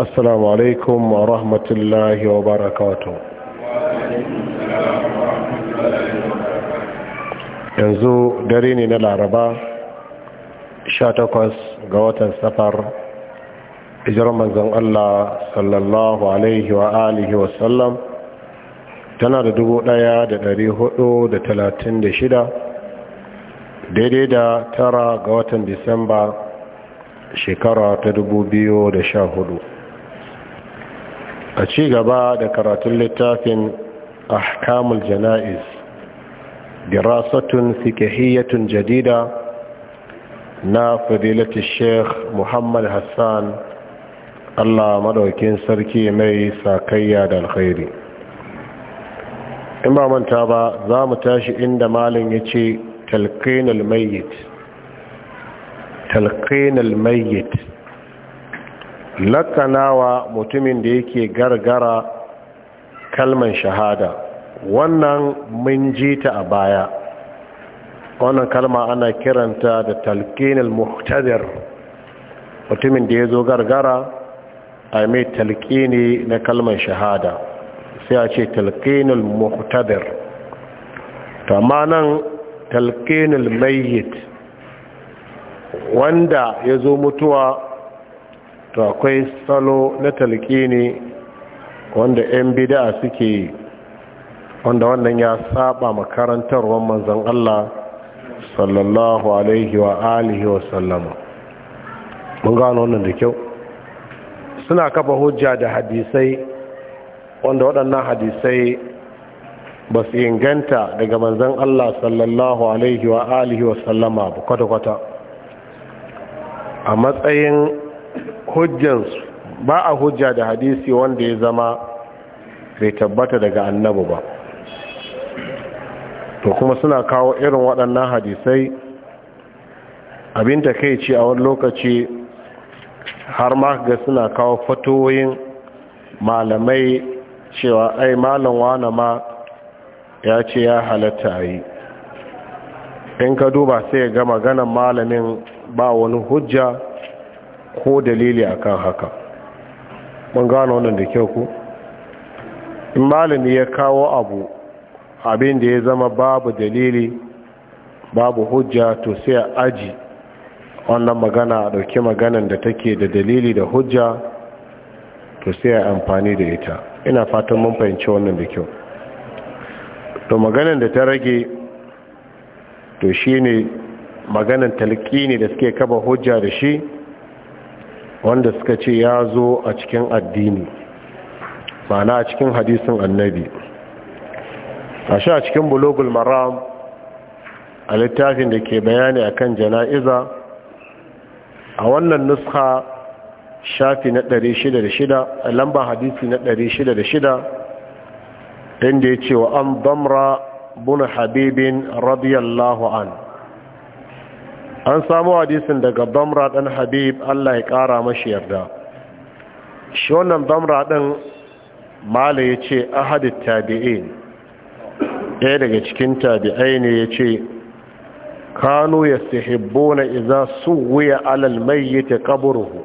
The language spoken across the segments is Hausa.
السلام عليكم ورحمة الله وبركاته yanzu dare ne na laraba 18 ga watan safar hijirar manzan Allah sallallahu alaihi wa alihi wasallam tana da shida, daidai da tara ga watan disamba shekara ta da sha hudu. a ci gaba da karatun littafin ahkamul jana'iz dirasatun fikihiyyatun jadida na fadilati sheikh muhammad hassan allah madaukin sarki mai sakayya da alkhairi in ba manta ba za mu tashi inda malin ya ce talqinul mayyit talqinul mayyit Lakkanawa mutumin da yake gargara kalman shahada wannan mun ji ta a baya wannan kalma ana kiranta da talqinul muhtadir mutumin da yazo gargara a mai talqini na kalman shahada sai a ce talqinul muhtadir amma nan talqinul mayyit wanda ya zo mutuwa to akwai salo na ne wanda 'yan bid'a suke yi wanda wannan ya saba makarantarwar manzan Allah sallallahu alaihi wa alihi wa sallama mun gano wannan da kyau suna kafa hujja da hadisai wanda waɗannan hadisai ba su inganta daga manzan Allah sallallahu alaihi wa alihi wa sallama ba kwata-kwata a matsayin hujjansu ba a hujja da hadisi wanda ya zama bai tabbata daga annabu ba to kuma suna kawo irin waɗannan hadisai abin da kai ce a wani lokaci har ma ga suna kawo fatoyin malamai cewa ai malam wane ma ya ce ya halatta a yi in ka duba sai ga maganan malamin ba wani hujja ko dalili akan haka mun gano wannan da kyau ku? in malami ya kawo abu abin da ya zama babu dalili babu hujja to sai aji wannan magana a ɗauki maganan da take da dalili da hujja to sai a amfani da ita ina fatan mun fahimci wannan da kyau to maganan da ta rage to shi ne maganan talqini da suke kaba hujja da shi wanda suka ce ya zo a cikin addini ma'ana a cikin hadisin annabi a sha cikin bulogul maram a littafin da ke bayani a kan jana'iza a wannan nuska shafi na 666 a lambar hadisi na 666 inda ya ce wa an damra buna habibin radiyallahu an an samu hadisin daga bamra ɗan habib allah ya ƙara mashi yarda shi wannan bamra ɗan mala ya ce ahadit tabi'in ɗaya daga cikin tabi'ai ne ya ce kanu ya sihibbo na iza su wuya alal mai ta kaburhu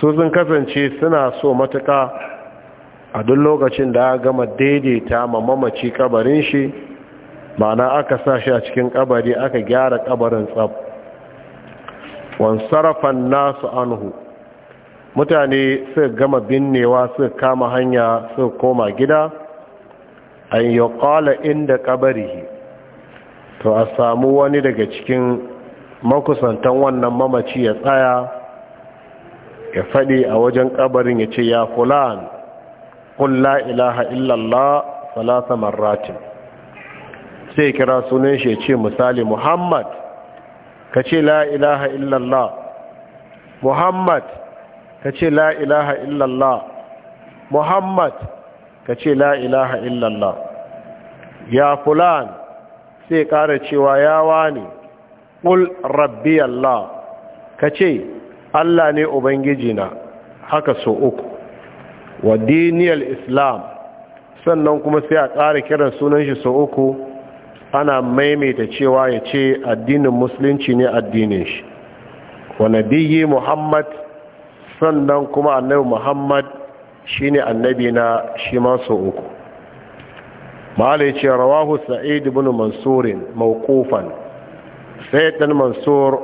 su sun kasance suna so matuka a duk lokacin da gama daidaita ma mamaci kabarin shi ma'ana aka sa shi a cikin kabari aka gyara kabarin tsab wansarafan nasu anhu mutane suka gama binnewa suka kama hanya suka koma gida an yi kwala inda kabari to a samu wani daga cikin makusantan wannan mamaci ya tsaya ya faɗi a wajen kabarin ya ce ya fulan ƙulla ilaha illallah salasa marratin sai kira sunan shi ce misali muhammad ka ce la illallah muhammad ka ce la illallah muhammad ka ce la illallah ya fulan sai kara cewa yawa ne ƙul rabbi allah ka ce allah ne ubangijina haka so uku wa diniyar islam sannan kuma sai a ƙara kiran sunan shi so uku ana maimaita cewa ya ce addinin musulunci ne addinin shi wa nabiyyi muhammad sannan kuma annabi muhammad shi ne annabi na shi masu uku ma'ala ce rawahu sa'id ibn mansurin mawqufan sa'id ibn mansur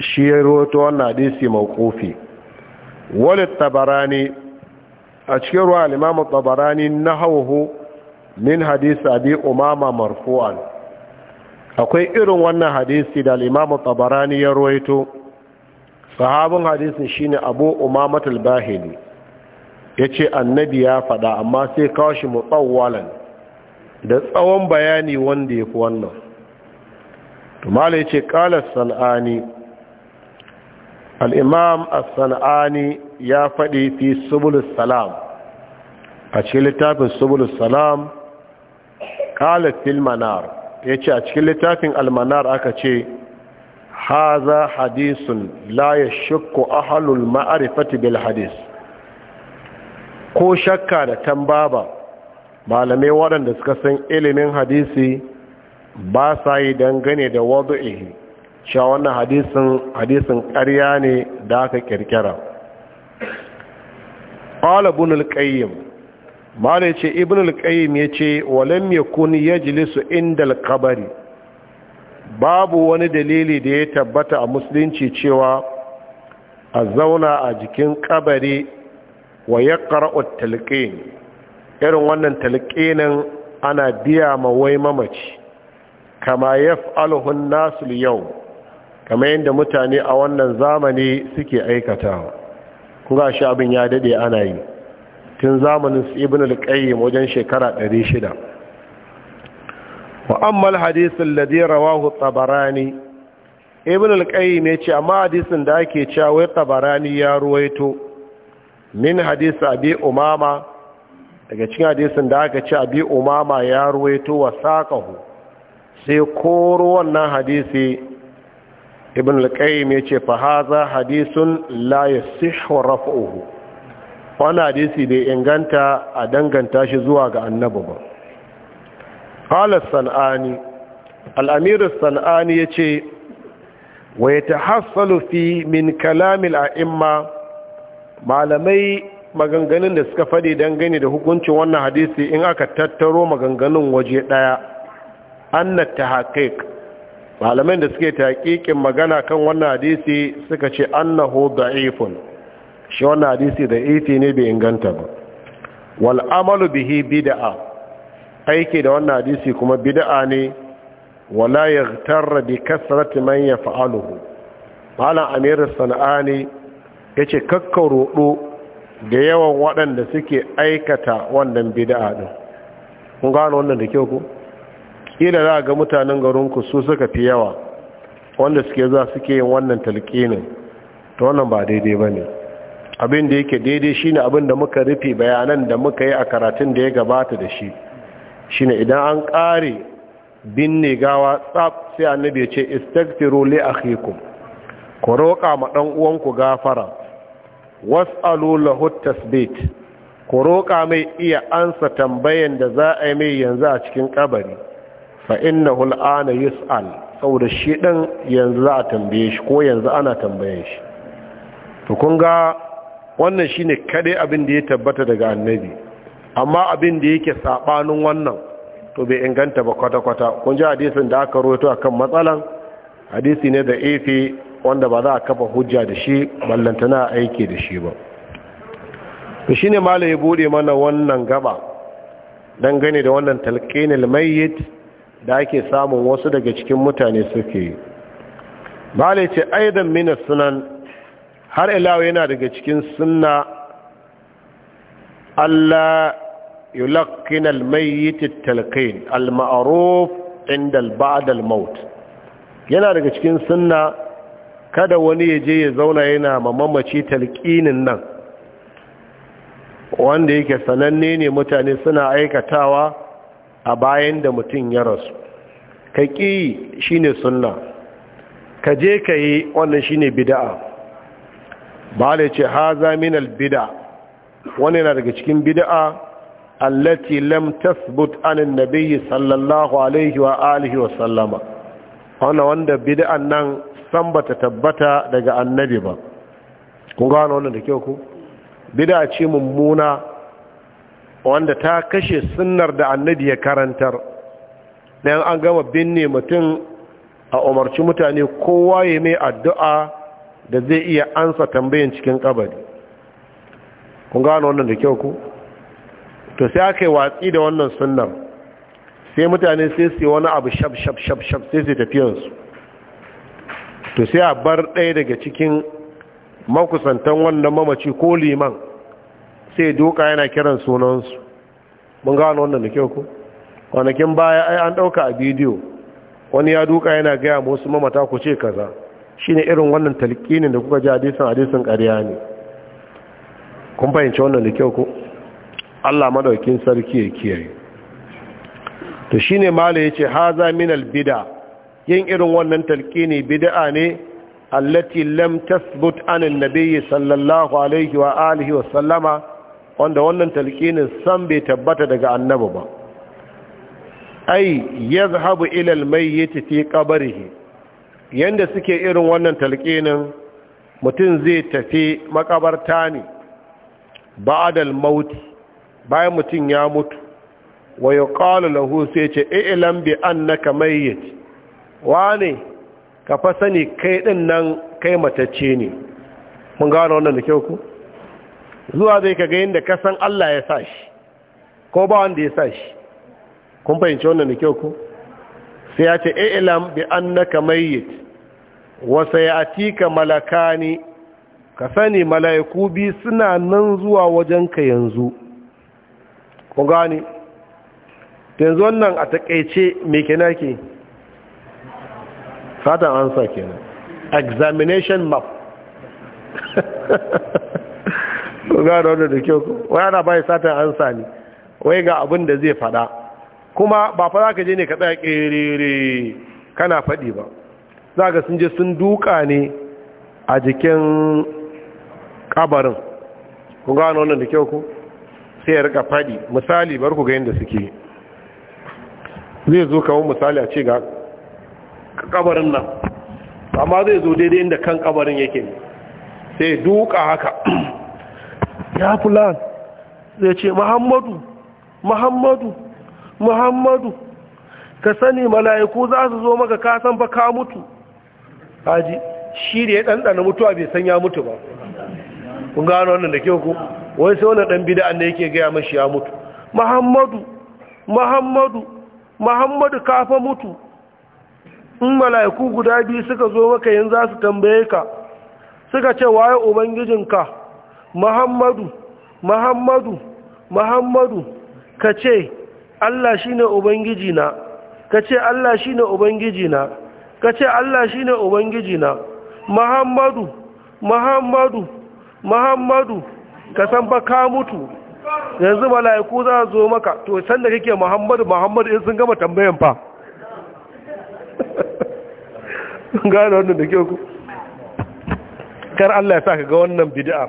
shi ya roto wannan hadisi mawqufi wal tabarani a cikin ruwa al-imam tabarani hauhu. min hadisi abi umama marfu'an akwai irin wannan hadisi da al-imam tabarani ya ruwaito sahabin hadisin shine abu umama al-bahili yace annabi ya faɗa amma sai kawo shi mutawwalan da tsawon bayani wanda fi wannan to ya yace qala sanani al-imam sanani ya faɗi fi subul salam a cikin littafin subul salam kalat fil manar yace a cikin littafin almanar aka ce haza hadisun la yashku ahlul ma'rifati bil hadis ko shakka da tambaba malamai waɗanda suka san ilimin hadisi ba sa yi dangane da wadu'ihi cewa wannan hadisin hadisin ƙarya ne da aka ƙirƙira. qala ibn al mala ce ibn al-qayyim yace walam yakun yajlisu indal qabri babu wani dalili da ya tabbata a musulunci cewa a zauna a jikin kabari wa yaqra'u at-talqin irin wannan talqinin ana biya ma wai mamaci kama yaf'aluhu an nas al-yawm kama yanda mutane a wannan zamani suke aikatawa kuma shi abin ya dade ana yi tun zamanin su ibn al-qayyim wajen shekara 600 wa amma al-hadith alladhi rawahu tabarani ibn al-qayyim ce, amma hadisin da ake cewa wai tabarani ya ruwaito min hadisi abi umama daga cikin hadisin da aka ce abi umama ya ruwaito wa saqahu sai koro wannan hadisi ibn al-qayyim ce fa hadha hadithun la yasihhu raf'uhu wani hadisi bai inganta a danganta shi zuwa ga annabu ba halar san'ani al'amirar san'ani ya ce wa ta hassalu fi min kalamil a'imma malamai maganganun da suka faɗi dangane da hukuncin wannan hadisi in aka tattaro maganganun waje ɗaya annat ta haƙiƙ malamai da suke taƙiƙin magana kan wannan hadisi suka ce annahu da'ifun shi wannan hadisi da iti ne bai inganta ba wal amalu bihi bid'a aiki da wannan hadisi kuma bid'a ne wala yaghtar bi kasrati man yaf'aluhu malam amir sanani yace kakkarodo da yawan waɗanda suke aikata wannan bid'a din kun gano wannan da kyau ko kila za ga mutanen garinku su suka fi yawa wanda suke za suke yin wannan talqinin to wannan ba daidai bane abin da yake daidai shine abin da muka rufe bayanan da muka yi a karatun da ya gabata da shi shine idan an ƙare binne gawa tsab sai annabi ya ce istaghfiru li akhikum ku roƙa ma dan uwanku gafara was'alu lahu tasbit ku roƙa mai iya ansa tambayan da za a yi mai yanzu a cikin kabari fa innahu al'ana yus'al saboda shi ɗan yanzu za a tambaye shi ko yanzu ana tambaye shi to wannan shine kadai abin da ya tabbata daga annabi amma abin da yake sabanin wannan to bai inganta ba kwata-kwata kun ji hadisin da aka rawaito akan matsalan hadisi ne da efe wanda ba za a kafa hujja da shi ballantana aiki da shi ba to shine malai ya bude mana wannan gaba dan gane da wannan talqinil mayyit da ake samun wasu daga cikin mutane suke malai ce aidan min sunan har ilawa yana daga cikin sunna Allah yulakkin almayyit talqin alma'ruf inda ba'd almaut yana daga cikin sunna kada wani ya je ya zauna yana mamaci talqinin nan wanda yake sananne ne mutane suna aikatawa a bayan da mutum ya rasu ka ƙi shine sunna ka je ka yi wannan shine bid'a ba da ce haza minal bida wani na daga cikin bid'a allati lam tasbut an annabi sallallahu alaihi wa alihi wa sallama wannan wanda bida'an nan san bata tabbata daga annabi ba kun gano wannan da kyau ku bid'a ce mummuna wanda ta kashe sunnar da annabi ya karantar dan an gama binne mutum a umarci mutane kowa ya mai addu'a da zai iya ansa tambayin cikin kabari kun gano wannan da kyau ku to sai aka yi watsi da wannan sunan sai mutane sai su yi wani abu shab shab shab shab sai su tafiyansu to sai a bar ɗaya daga cikin makusantan wannan mamaci ko liman sai doka yana kiran sunansu mun gano wannan da kyau ku kwanakin baya ai an ɗauka a bidiyo wani ya duka yana gaya musu mamata ku ce kaza ne irin wannan talƙinin da kuka ji hadisin hadisun ƙarya ne kun fahimci wannan da kyau ku? Allah madaukin sarki ya kiyaye to shine mala yace haza min albida yin irin wannan talqini bid'a ne allati lam tasbut, an annabi sallallahu alaihi wa alihi wa sallama wanda wannan talƙinin san bai tabbata daga annabi ba ai yazhabu ila almayyit fi qabrihi yanda suke irin wannan talqinin mutum zai tafi makabarta ne ba'dal mauti bayan mutum ya mutu wa ƙalu lahu sai ce ilan bi annaka mayyit Wani ka fa sani kai din nan kai matacce ne mun gano wannan da kyau ku zuwa zai ka ga yadda kasan Allah ya sa shi ko ba wanda ya sa shi kun fahimci wannan da kyau ku sai ya ce ilam bi annaka mayyit wa sayatika malakani ka sani malaiku bi suna nan zuwa wajenka yanzu ku gani yanzu wannan a takeice me kenan ke fatan ansa kenan examination map ku gano da kyau wani ana bai satan ansa ne wai ga abin da zai fada kuma ba fa za ka je ne ka tsaya ƙerere kana faɗi ba za ka sun je sun duka ne a jikin ƙabarin ku gano wannan da kyau ku sai ya rika faɗi misali bar ku ga yadda suke zai zo kawo misali a ce ga ƙabarin nan amma zai zo daidai inda kan ƙabarin yake sai duka haka ya fulan zai ce muhammadu muhammadu muhammadu ka sani mala'iku za su zo maka ka san fa ka mutu haji shi da ya ɗanɗana mutuwa bai san ya mutu ba kun gano wannan da kyau ko wai sai wannan ɗan bida'an da yake gaya mashi ya mutu muhammadu muhammadu muhammadu ka fa mutu in mala'iku guda biyu suka zo maka yanzu za su tambaye ka suka ce waye ubangijinka muhammadu muhammadu muhammadu ka ce Allah shine ubangiji na ce Allah shine ubangiji na ce Allah shine ubangiji na Muhammadu Muhammadu Muhammadu ka san ba ka mutu yanzu mala'iku za zo maka to san da kake Muhammadu Muhammadu in sun gama tambayan fa gane wannan da ke ku kar Allah ya sa ka ga wannan bidi'a.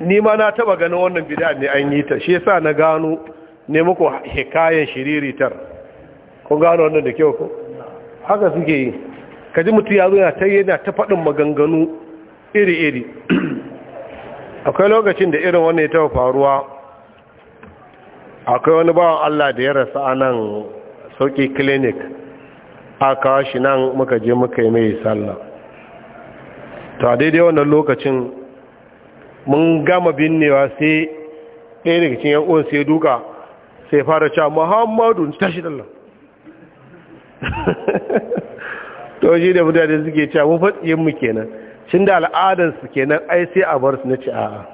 ni ma na taba ganin wannan bidi'a ne an yi ta shi sa na gano ne muku hikayen shiriritar kun gano wannan da kyau ko haka suke yi kaji mutu ya zo yana ta yana ta faɗin maganganu iri-iri akwai lokacin da irin wannan ya taɓa faruwa akwai wani bawan Allah da ya rasa a nan sauƙi clinic aka shi nan muka je muka yi mai sallah To a daidai wannan lokacin mun gama binnewa sai ɗaya daga cikin yan'uwan sai duka sai fara cewa muhammadu tashi dalla to shi da mutane suke cewa mu fatsiyin mu kenan shin da al'adar su kenan ai sai a bar su na ci a'a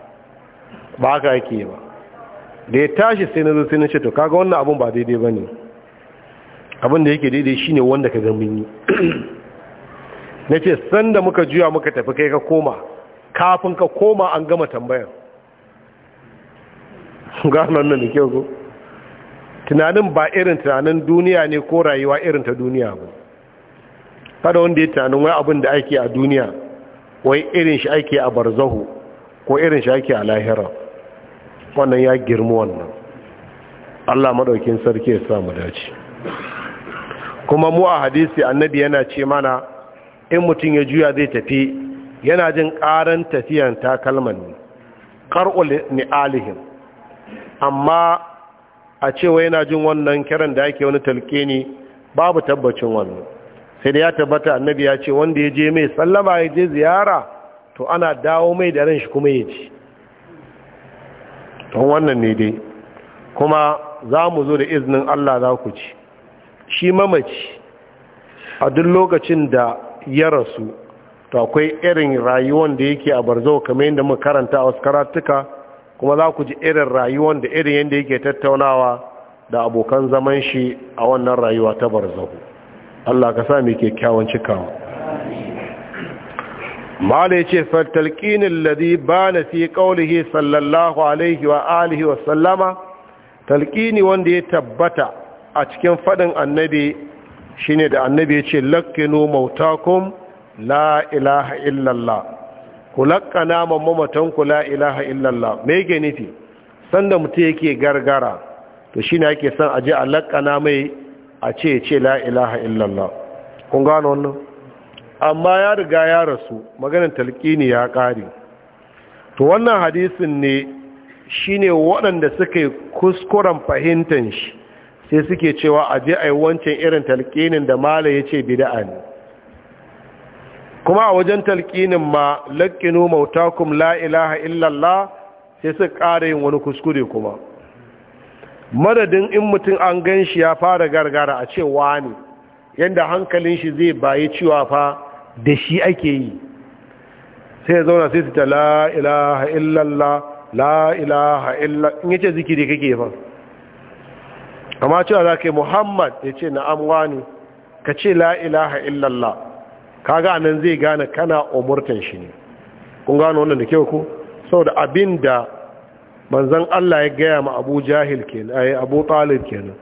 ba ka yake ba da ya tashi sai na zo sai na ce to kaga wannan abun ba daidai bane abin da yake daidai shine wanda ka ga mun yi nace da muka juya muka tafi kai ka koma kafin ka koma an gama tambayar gano nan da kyau ko tunanin ba irin tunanin duniya ne ko rayuwa irin ta duniya ba kada wanda ya tunanin wai abin da ake a duniya wai irin shi ake a barzahu ko irin shi ake a lahira wannan ya girma wannan Allah maɗaukin sarki ya sa dace kuma mu a hadisi annabi yana ce mana in mutum ya juya zai tafi yana jin ƙaran tafiyan takalman ne kar'ul ni'alihim amma a cewa yana jin wannan kiran da ake wani talke ni babu tabbacin wannan sai da ya tabbata annabi ya ce wanda ya je mai sallama ya je ziyara to ana dawo mai da ran shi kuma ya ji don wannan ne dai kuma za mu zo da izinin Allah za ku ci shi mamaci a duk lokacin da ya rasu to akwai irin rayuwan da yake a barzo kamar yadda mu karanta a wasu karatuka kuma za ku ji irin rayuwan da irin yadda yake tattaunawa da abokan zaman shi a wannan rayuwa ta barzahu Allah ka sa kyakkyawan cikawa mala ya ce fattalƙinin ladi ba na fi kaulihi sallallahu alaihi wa alihi wa sallama talƙini wanda ya tabbata a cikin faɗin annabi shine da annabi ya ce lakkinu mautakun la ilaha illallah ku naman mamamatan ku ilaha illallah me yake sanda mutum yake gargara to shine ake san aje a na mai a ce ce la ilaha illallah kun gano wannan amma ya riga ya rasu maganar talqini ya ƙare to wannan hadisin ne shine waɗanda suka yi kuskuren fahimtar shi sai suke cewa aje ai wancan irin talqinin da Malam yace bid'a ne kuma a wajen talqinin ma laqinu mautakum la ilaha illallah sai su ƙara yin wani kuskure kuma madadin in mutum an gan shi ya fara gargara a ce wani yadda hankalin shi zai bayi cewa fa da shi ake yi sai ya zauna sai su ta la ilaha illallah la ilaha illallah in yace zikiri kake fa amma cewa za ka muhammad ya ce na'am wani ka ce la ilaha illallah kaga anan zai gane kana umurtan shi ne kun gano wannan da kyau ko saboda abinda da manzon Allah ya gaya ma Abu Jahil kenan ai eh, Abu Talib kenan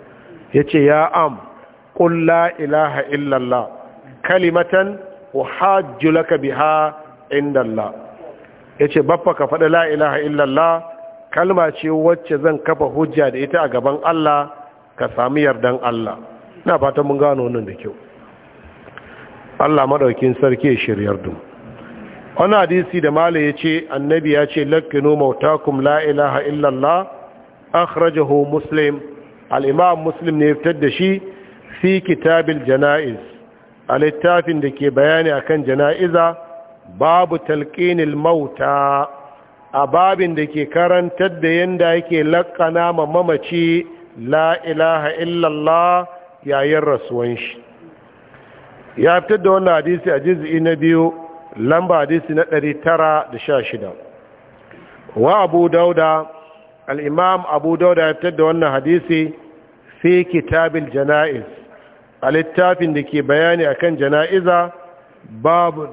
yace ya am qul la ilaha illa Allah kalimatan uhajju laka biha inda Allah yace baffa ka faɗa la ilaha illa kalma ce wacce zan kafa hujja da ita a gaban Allah ka sami yardan Allah na fatan mun gano wannan da kyau Allah maɗaukin sarki ya shiryar dum wani hadisi da mala ya ce annabi ya ce lakkinu mautakum la ilaha illallah akhrajahu muslim al-imam muslim ne fitar da shi fi kitabil jana'iz a littafin da ke bayani akan jana'iza babu talqinil mauta a babin da ke karantar da yanda yake lakkana ma mamaci la ilaha illallah yayin rasuwan shi ya fitar da wannan hadisi a juz'i na biyu lamba hadisi na 916 wa abu dauda al-imam abu dauda ya fitar da wannan hadisi fi kitabil janaiz a littafin da ke bayani akan jana'iza babu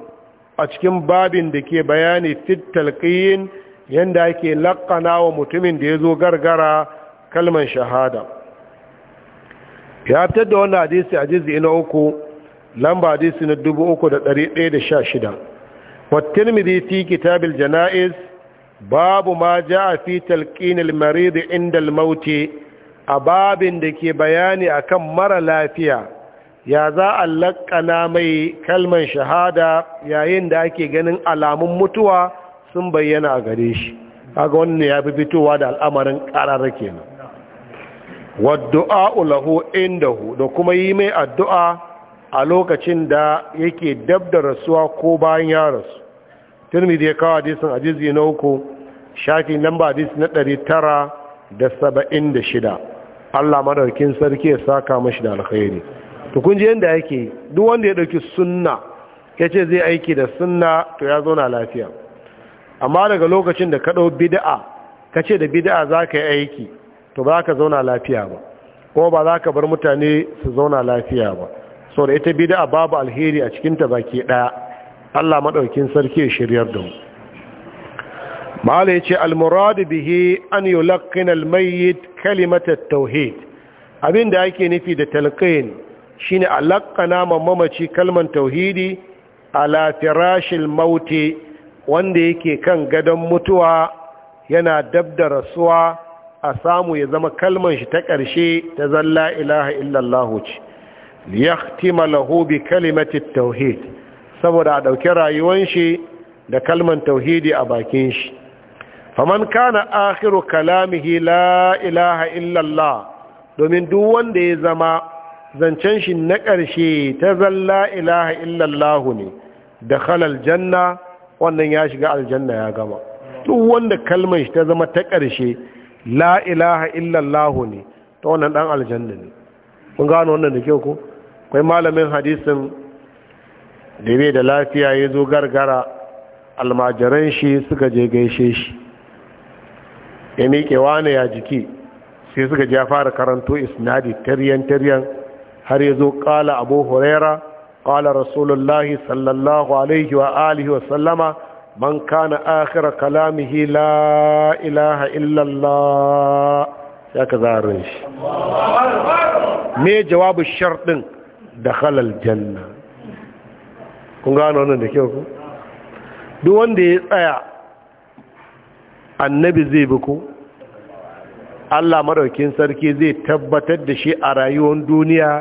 a cikin babin da ke bayani fitalqiyin yanda ake laƙana wa mutumin da ya zo gargara kalman shahada ya fitar da wannan hadisi a juz'i na uku lamba hadisi na 3116 wa tirmidhi fi kitab kitabil janaiz babu ma jaa fi talqin al marid inda al maut ababin da ke bayani akan mara lafiya ya za a laƙana mai kalman shahada yayin da ake ganin alamun mutuwa sun bayyana a gare shi kaga wannan ya fi fitowa da al'amarin ƙararra kenan wadda'a lahu indahu da kuma yi mai addu'a a lokacin da yake dab da rasuwa ko bayan ya rasu turmidi ya kawo hadisin ajizi na uku shafi lamba hadisi na ɗari tara da saba'in da shida allah madarkin sarki ya saka mashi da alkhairi to kun ji yadda yake duk wanda ya ɗauki sunna ya ce zai aiki da sunna to ya zo na lafiya amma daga lokacin da ka ɗau bida'a ka ce da bida'a za ka yi aiki to ba ka zauna lafiya ba ko ba za ka bar mutane su zauna lafiya ba sau da ita bida babu alheri a cikinta baki ɗaya allah maɗaukin sarki shiryar da mu ma'ala ya ce almuradu bihi an yi lakkin almayyid kalimatar tauhid abin da ake nufi da talqin shine a laƙana mamaci kalman tauhidi ala firashil mauti wanda yake kan gadon mutuwa yana dab da rasuwa a samu ya zama kalman shi ta ƙarshe ta zalla ilaha illallahu ce liyahtima lahu bi kalimati tauhid saboda a dauki rayuwar shi da kalman tauhidi a bakin shi faman kana akhiru kalamihi la ilaha illallah domin duk wanda ya zama zancen shi na ƙarshe ta zalla ilaha illallah ne da halal janna wannan ya shiga aljanna ya gama duk wanda kalman shi ta zama ta ƙarshe la ilaha illallah ne ta wannan dan aljanna ne kun gano wannan da kyau ko kwai malamin hadisin da bai da lafiya ya zo gargara almajiran shi suka je gaishe shi ya miƙe wane ya jiki sai suka ya fara karanto isnadi taryan-taryan har ya zo ƙala abu huraira ƙala rasulullahi sallallahu alaihi wa alihi wa sallama man kana akira kalamihi la ilaha illallah ya ka zarin shi me jawabu sharɗin da halal janna kun gano wannan da kyau ku duk wanda ya tsaya annabi zai bi ku Allah maɗaukin sarki zai tabbatar da shi a rayuwar duniya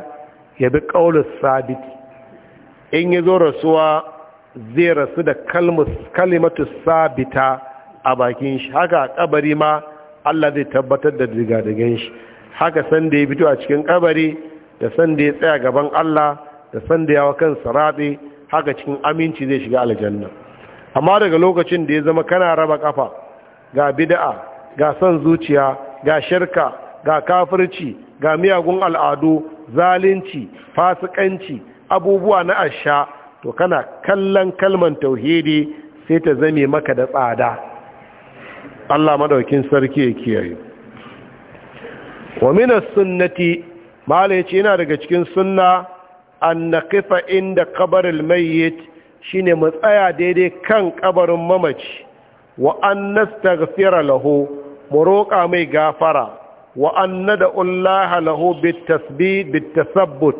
ya bi ƙaunar sabit in ya zo rasuwa zai rasu da kalimatu sabita a bakin shi haka a ƙabari ma Allah zai tabbatar da da shi haka sanda ya fito a cikin kabari. da san da ya tsaya gaban Allah da san da yawa kan sarabe haka cikin aminci zai shiga aljanna amma daga lokacin da ya zama kana raba kafa ga bid'a ga san zuciya ga shirka ga kafirci ga miyagun al'adu zalunci fasikanci abubuwa na asha to kana kallon kalman tauhidi sai ta zame maka da tsada Allah madaukin sarki ya kiyaye wa minas sunnati mala ya ce yana daga cikin sunna an na kifa inda kabarin mayyit shi ne mu tsaya daidai kan kabarin mamaci wa an nastaghfira lahu mu roƙa mai gafara wa an nad'ullaha lahu bitasbih bitasabbut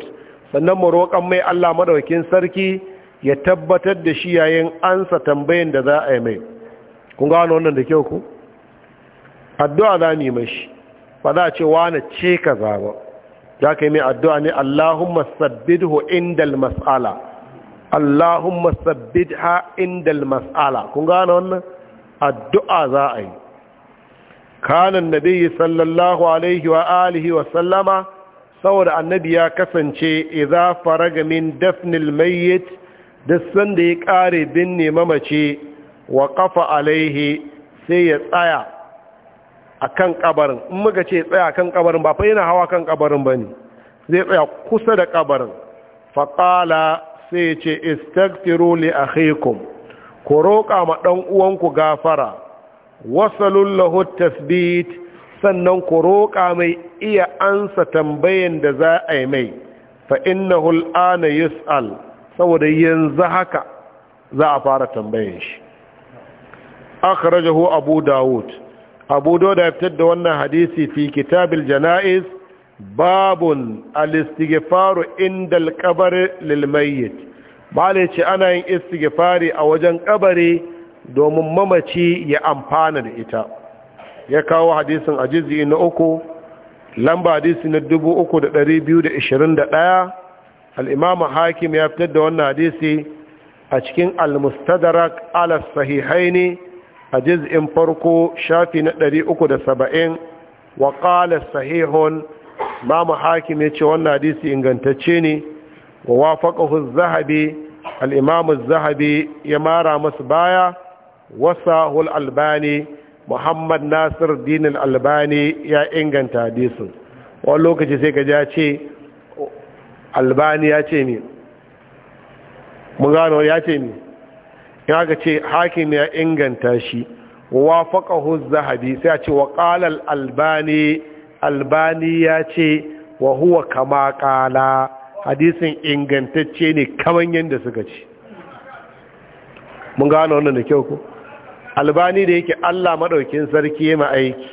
sannan mu roƙa mai Allah maɗaukin sarki ya tabbatar da shi yayin ansa tambayin da za a yi mai kun gano wannan da kyau ku addu'a za mu yi mashi ba za a ce wane ce ka zaba za ka yi mai addu'a ne Allahumma ha indal mas'ala Allahumma ha indal mas'ala kun gane wannan addu'a za a yi kanan nabi sallallahu alaihi wa alihi wa sallama saboda annabi ya kasance idza faraga min dafnil mayyit duk sanda ya kare binne mamace wa kafa alaihi sai ya tsaya a kan kabarin in muka ce tsaya kan kabarin ba fa yana hawa kan kabarin ba ne zai tsaya kusa da kabarin faƙala sai ce istagfiru li haikun ku roƙa ma ɗan uwanku gafara wasalun lahu tasbit sannan ku roƙa mai iya ansa tambayan da za a yi mai fa na hulana yus'al saboda yanzu haka za a fara tambayin shi akhrajahu abu dawud abu da ya fitar da wannan hadisi fi kitabil jana'iz babun al-istighfaru indal qabr lil mayyit bale ce ana yin istighfari a wajen kabari domin mamaci ya amfana da ita ya kawo hadisin a juz'i na uku lamba hadisi na 3221 al-imam hakim ya fitar da wannan hadisi a cikin al-mustadrak ala sahihaini a juz'in farko shafi na ɗari 370 wa qala sahihun imamu hakim yace wannan hadisi ingantacce ne wa wafaqahu az-zahabi al-imam ya mara masa baya wasahul albani muhammad nasir din al-albani ya inganta hadisin wani lokaci sai ka ce albani ya ce ne mun gano ya ce ne kaga ce hakim ya inganta shi wa faƙahu zahabi sai a ce wa al albani albani ya ce wa huwa kama ƙala hadisin ingantacce ne kaman yadda suka ce mun gano wannan da kyau ko albani da yake allah maɗaukin sarki ya ma aiki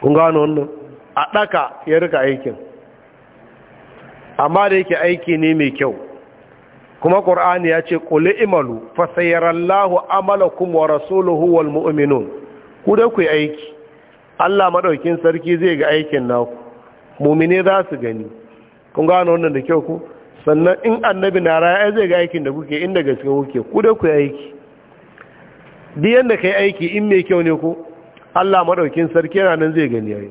kun gano wannan a ɗaka ya rika aikin amma da yake aiki ne mai kyau kuma ƙur'ani ya ce ƙuli imalu fasayarallahu amalakum wa rasuluhu wal mu'minun ku da ku aiki Allah madaukin sarki zai ga aikin naku mumine za su gani kun gano wannan da kyau ku sannan in annabi na raya zai ga aikin da kuke inda gaske kuke ku da ku aiki duk yanda kai aiki in mai kyau ne ku Allah madaukin sarki yana nan zai gani yayi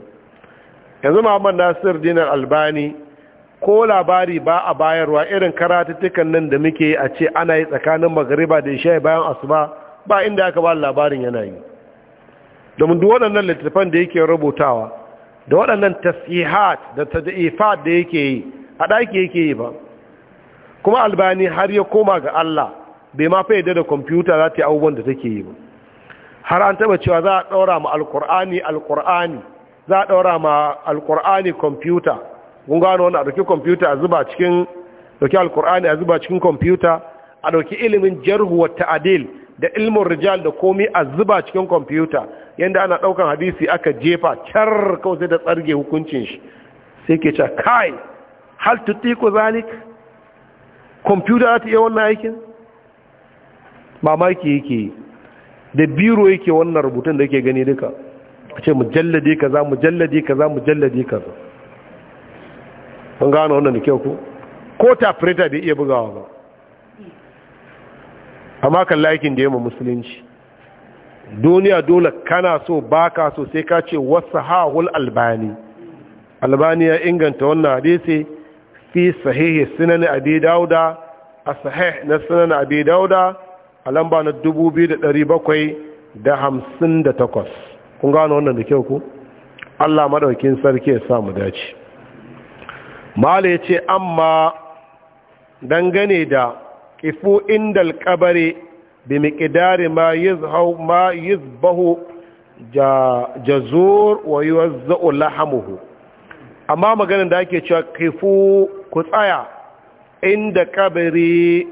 yanzu Muhammad Nasir Dinar Albani ko labari ba a bayarwa irin karatuttukan nan da muke a ce ana yi tsakanin magariba da isha bayan asuba ba inda aka ba labarin yana yi domin duk waɗannan littattafan da yake rubutawa da waɗannan tasihat da tadifat da yake yi a ɗaki yake yi ba kuma albani har ya koma ga Allah bai ma fayyada da kwamfuta za ta yi abubuwan da take yi ba har an taɓa cewa za a ɗaura ma alƙur'ani alƙur'ani za a ɗaura ma alƙur'ani kwamfuta kun gano wannan a ɗauki kwamfuta a zuba cikin ɗauki alkur'ani a zuba cikin kwamfuta a ɗauki ilimin jarhu wa ta'adil da ilmin rijal da komi a zuba cikin kwamfuta yadda ana ɗaukan hadisi aka jefa car kawai sai da tsarge hukuncin shi sai ke cewa kai hal tutiku zalik kwamfuta za ta iya wannan aikin mamaki yake da biro yake wannan rubutun da yake gani duka a ce mujallade kaza mujallade kaza mujallade kaza kun gano wannan da kyau ku ko tafirita bai iya bugawa ba amma kan laikin da yamma musulunci duniya dole kana so baka so sai ka ce wasu hahul albani albani ya inganta wannan hadisi fi sahihi sunan abi dauda a sahih na sunan abi dauda a lamba na 2758 kun gano wannan da kyau ku Allah madaukin sarki ya samu dace mala ya ce amma dangane da kifu inda kabari bi miƙidari ma yizhau ma yizbahu jazur wa yuwazza'u hamuhu amma maganin da ake cewa kifu ku tsaya inda kabari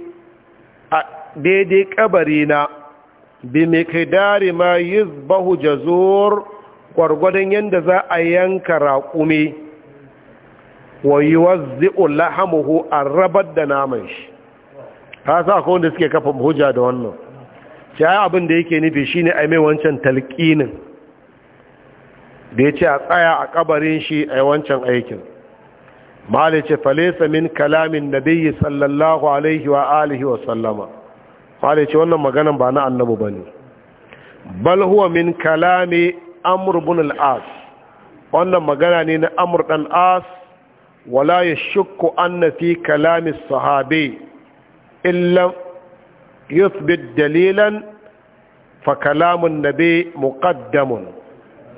a daidai kabari na bi miƙidari ma yizbahu jazur gwargwadon yadda za a yanka raƙumi wa yuwazzi'u lahamuhu rabar da naman shi Ta sa akwai suke kafa hujja da wannan shi ai abin da yake nufi shine ai mai wancan talƙinin? da yace a tsaya a kabarin shi a wancan aikin malice falesa min kalamin nabiyyi sallallahu alaihi wa alihi wa sallama malice wannan maganan ba na annabu bane bal huwa min kalami Amur ibn as wannan magana ne na Amur dan as wala ya shukku anna fi kalami sahabi illa yuthbit dalilan fa kalamun nabi muqaddamun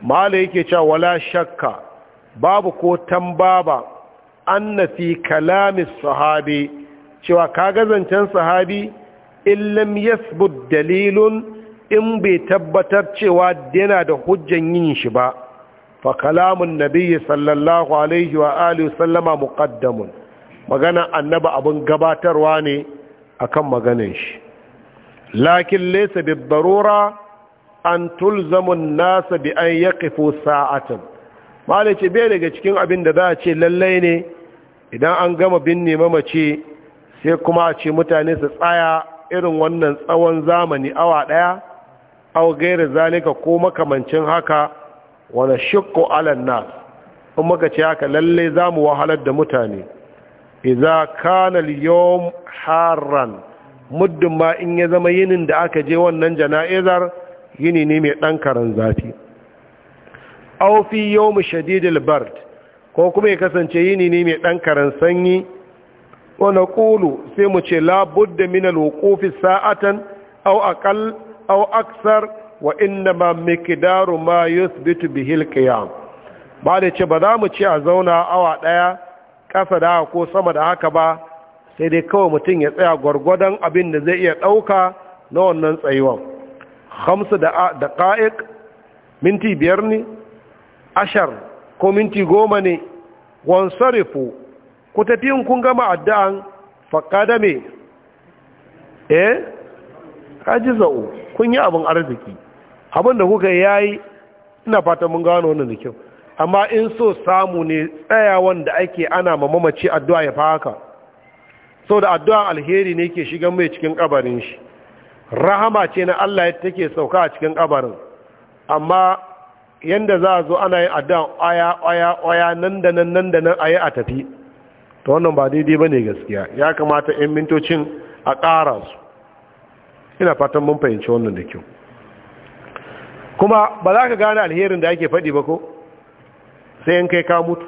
mala yake cewa wala shakka babu ko tambaba anna fi kalami sahabi cewa kaga zancen sahabi illam yathbut dalilun in bai tabbatar cewa yana da hujjan yin shi ba fa kalamun nabiyyi sallallahu alaihi wa alihi sallama magana annaba abun gabatarwa ne akan maganin shi lakin laysa bid-darura an tulzamun nasa bi an yaqifu sa'atan malaci bai daga cikin abin da za a ce lallai ne idan an gama binne mamace sai kuma a ce mutane su tsaya irin wannan tsawon zamani awa daya aw gaira zalika ko makamancin haka wane shakko alan na? in muka ce haka lalle za mu wahalar da mutane iza kana liyom haran muddin ma in ya zama yinin da aka je wannan jana'izar yini ne mai ɗan karan zafi au fi yawm shadidil bard ko kuma ya kasance yini ne mai ɗan karan sanyi wa naqulu sai mu ce la budda min al sa'atan au aksar wa ma miqdaru ma yuthbitu bihil qiyam ba da ce ba za mu ci a zauna awa daya kasa da ko sama da haka ba sai dai kawai mutum ya tsaya gwargwadon abin da zai iya dauka na wannan tsayuwan khamsu da daƙa'iq minti biyar ne ashar ko minti goma ne sarifu ku tafi kun gama addu'an fa me eh kaji za'u kun yi abin arziki abin da kuka ya yi ina fata mun gano wannan da kyau amma in so samu ne tsayawan da ake ana ma mamaci addu'a ya haka sau da addu'a alheri ne ke shigan mai cikin kabarin shi rahama ce na Allah take sauka a cikin kabarin amma yanda za a zo ana yin addu'a aya aya aya nan da nan nan da nan ayi a tafi to wannan ba daidai ne gaskiya ya kamata 'yan mintocin a ƙara su ina fatan mun fahimci wannan da kyau kuma ba za ka gane alherin da ake faɗi ba ko sai in kai ka mutu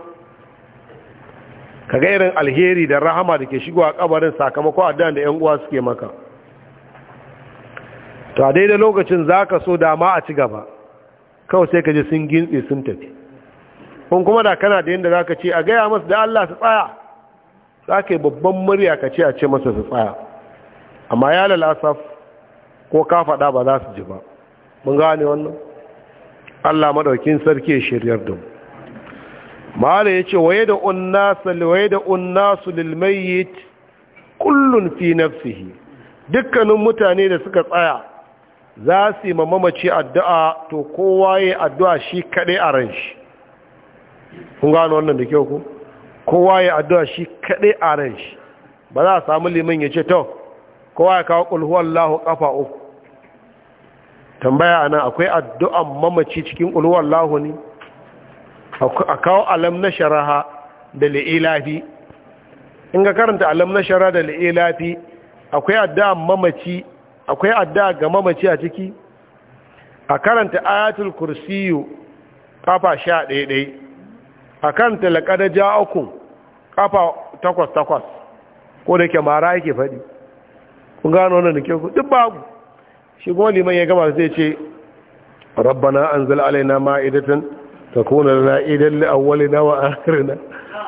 ka ga irin alheri da rahama da ke shigo shigowa kabarin sakamakon a da 'yan uwa suke maka to a daidai lokacin za ka so dama a ci gaba kawai sai ka ji sun gintse sun tafi kun kuma da kana da yadda za ka ce a gaya masu da Allah su tsaya za ka yi babban murya ka ce a ce masa su tsaya amma ya lalasa ko ka faɗa ba za su ji ba mun gane wannan Allah madaukin sarki ya shiryar da mu mala yace waye da unnasu waye da unnasu lil mayyit kullun fi nafsihi dukkanin mutane da suka tsaya za su yi mamaci addu'a to kowa ya addu'a shi kaɗai a ran shi kun gano wannan da kyau ku kowa ya addu'a shi kaɗai a ran shi ba za a samu liman ya ce to kowa ya kawo ƙulhuwallahu ƙafa uku tambaya ana akwai addu'an mamaci cikin ulwallahu lahuni a kawo alam na sharaha da li'ilafi in ga karanta alam na sharaha da li'ilafi akwai addu'an mamaci akwai addu'a ga mamaci a ciki a karanta ayatul kursiyu kafa sha ɗaiɗai a karanta laƙada uku kafa takwas-takwas ko da kyamara yake faɗi kun gano wannan da ke duk babu shi kuma liman ya gama zai ce rabbana zala alaina ma'idatan takuna na idan li awwalina wa akhirina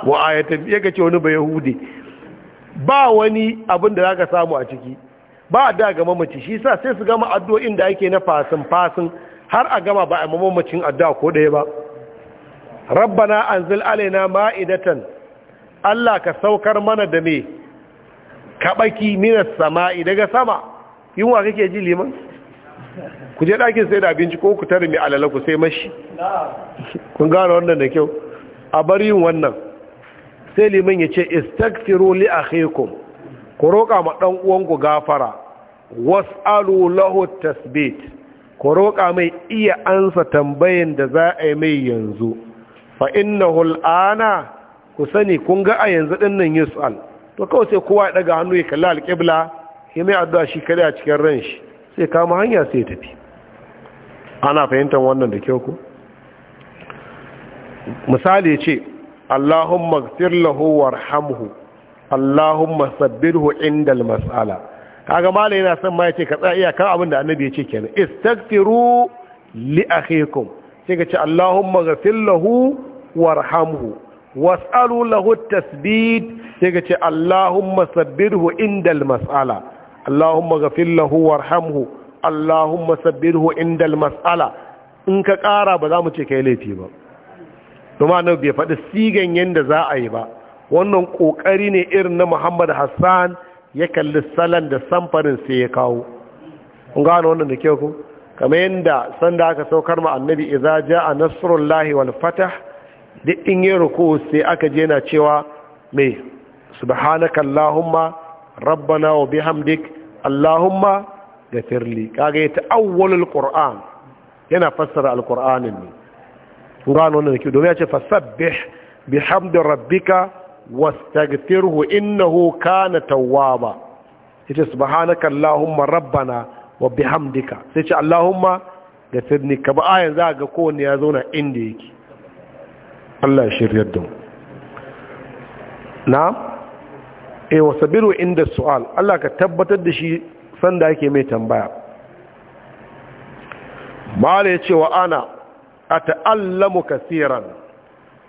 wa ayatan ga ce wani bayahudi ba wani abin da zaka samu a ciki ba da ga mamaci shi sa sai su gama addu'o'in da ake na fasin fasin har a gama ba a mamacin addu'a ko ɗaya ba rabbana zala alaina ma'idatan Allah ka saukar mana da me kaɓaki minas sama'i daga sama yunwa kake ji liman ku je ɗakin sai da abinci ko ku tare mai alala ku sai mashi kun gano wannan da kyau a bar yin wannan sai liman ya ce istagfiru li akhikum ku roƙa ma ɗan ku gafara was'alu lahu tasbit ku roƙa mai iya ansa tambayin da za a yi mai yanzu fa innahu al'ana ku sani kun ga a yanzu ɗin nan yus'al to kawai sai kowa ya ɗaga hannu ya kalli alƙibla ya mai addu'a shi kare a cikin ran shi sai kama hanya sai tafi ana fahimtar wannan da kyau ku misali ce allahumma gfir lahu warhamhu allahumma sabbirhu indal mas'ala kaga mala yana son ma yace ka tsaya iyakan abin da annabi yace kenan istaghfiru li akhikum sai ka ce allahumma gfir lahu warhamhu was'alu lahu at-tasbit sai ka ce allahumma sabbirhu indal mas'ala Allahumma gafin lahuwar warhamhu Allahumma sabbin indal mas'ala in ka ƙara ba za mu ce kai laifi ba kuma nan bai faɗi sigan yadda za a yi ba wannan ƙoƙari ne irin na Muhammad Hassan ya kalli salon da samfarin sai ya kawo kun gano wannan da kyau ku kamar yadda sanda aka saukar ma annabi idza jaa nasrullahi wal fatah duk in yi ruku sai aka je na cewa mai subhanakallahumma rabbana wa bihamdik allahumma gafirli kage ta awwalul qur'an yana fassara alqur'anin ne qur'an wannan da ke domin ya ce fasabbih bihamdi rabbika wastaghfirhu innahu kana tawwaba yace subhanaka allahumma rabbana wa bihamdika sai ce allahumma gafirni ka ba ayan za ga kowanne ya zauna inda yake Allah ya shiryar da Na. eh wa sabiru inda su'al Allah ka tabbatar da shi sanda yake mai tambaya mala yace wa ana ata'allamu kaseeran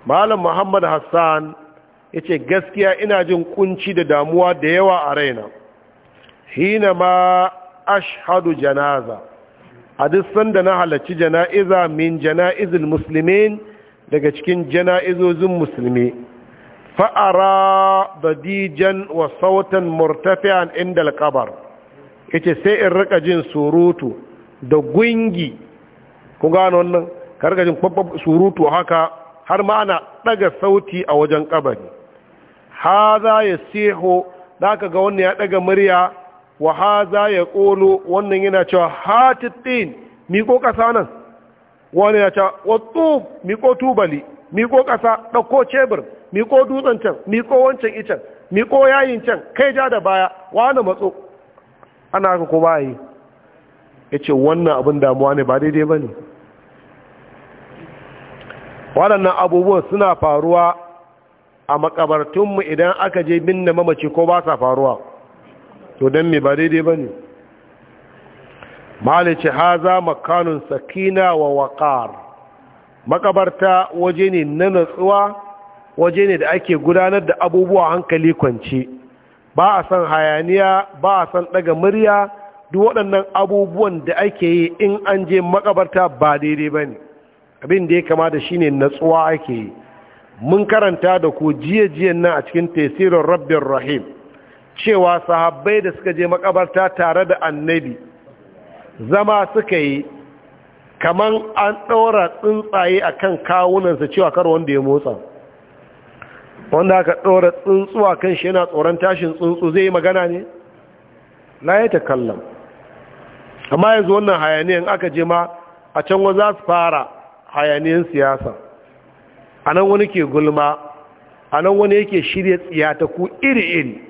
malam muhammad hassan yace gaskiya ina jin kunci da damuwa da yawa a raina hina ma ashhadu janaza a duk sanda na halarci jana'iza min jana'izil muslimin daga cikin jana'izozin musulmi fa'ara badijan wa sautan murtafi'an inda yace sai in rika jin surutu da gungi ku gano wannan ka rika jin surutu haka har ma ana ɗaga sauti a wajen Ha za ya siho da ga wannan ya daga murya wa za ya ƙolo wannan yana cewa hatitin miko ƙasa nan wani ya cewa wato miƙo tubali miko ƙasa ɗauko cebur. miko dutsen can miko wancan itan miko yayin can kai ja da baya wani matso ana ka ko ba yi ya ce wannan abin damuwa ne ba daidai ba ne waɗannan abubuwan suna faruwa a makabartunmu idan aka je binne mamaci ko ba sa faruwa to don me ba daidai ba ne malice haza makanun sakina wa waƙar makabarta waje ne na natsuwa waje ne da ake gudanar da abubuwa hankali kwanci ba a san hayaniya ba a san daga murya duk waɗannan abubuwan da ake yi in an je makabarta ba daidai ba ne abin da ya kama da shine natsuwa ake yi mun karanta da ku jiye jiyan nan a cikin tesirin rabbin rahim cewa sahabbai da suka je makabarta tare da annabi zama suka yi kamar an ɗaura tsuntsaye a kan kawunansa cewa kar wanda ya motsa wanda aka ɗora tsuntsuwa kan shi yana tsoron tashin tsuntsu zai yi magana ne la ya takallam amma amma yanzu wannan hayaniyan aka je ma a can wa za su fara hayaniyan siyasa a nan wani ke gulma a nan wani yake shirya ku iri-iri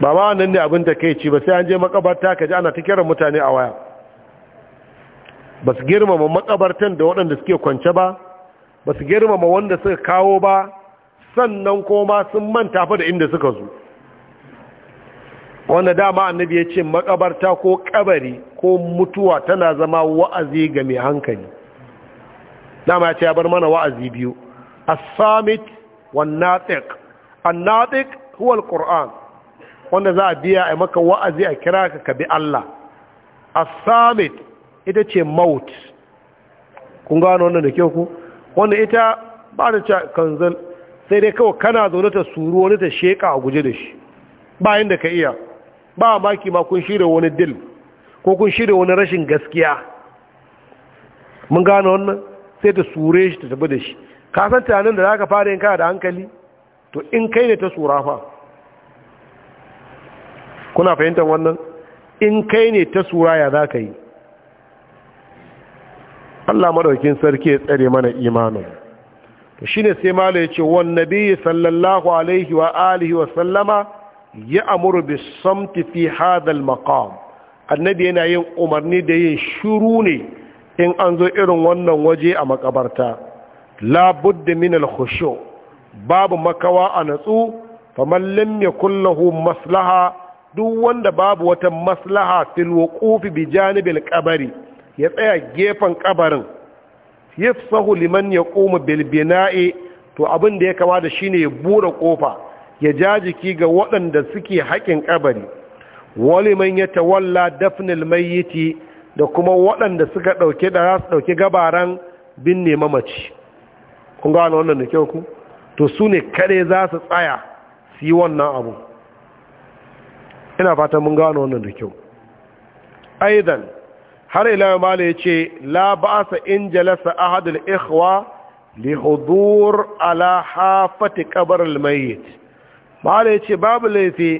ba ma wannan ne abin takaici ba sai an je makabarta ka ji ana ta kira mutane a waya ba su girmama makabartan da waɗanda suke kwance ba ba su girmama wanda suka kawo ba sannan koma sun manta fa da inda suka zo wanda dama annabi ya ce makabarta ko kabari ko mutuwa tana zama wa'azi ga mai hankali dama ya ce ya bar mana wa'azi biyu as-samit wan natiq an-natiq huwa al-qur'an wanda za a biya a maka wa'azi a kira ka bi Allah as-samit ita ce maut kun gano wannan da kyau ku wanda ita ba da cewa kanzal sai dai kawai kana zaune ta suru wani ta sheka a guje da shi bayan da ka iya ba maki ma kun shirya wani dil ko kun shirya wani rashin gaskiya mun gano wannan sai ta sure shi ta tafi da shi ka san tunanin da za ka fara yin kana da hankali to in kai ne ta sura fa kuna fahimtar wannan in kai ne ta sura ya za ka yi Allah madaukin sarki ya tsare mana imanin to ne sai mala yace wan nabi sallallahu alaihi wa alihi wa sallama ya amuru bis samti fi hadha maqam annabi yana yin umarni da yin shiru ne in an zo irin wannan waje a makabarta la budda min al khushu babu makawa a natsu faman lam yakul hu maslaha duk wanda babu wata maslaha fil wuqufi bi janibil qabri ya tsaya gefen kabarin sahu liman yaqumu bil bina'i to abin da ya kama da shine ya bura kofa ya jajiki ga waɗanda suke haƙin kabari ya man tawalla dafnil mayyiti da kuma waɗanda suka dauke da su gabaran binne mamaci kun gano wannan da kyau ku to su ne kare za su tsaya su yi wannan abu ina fatan mun gano wannan da kyau aidan har ila ma ya ce la ba'sa in jalasa ahadul ikhwa li hudur ala hafati qabr al mayyit ya ce babu laifi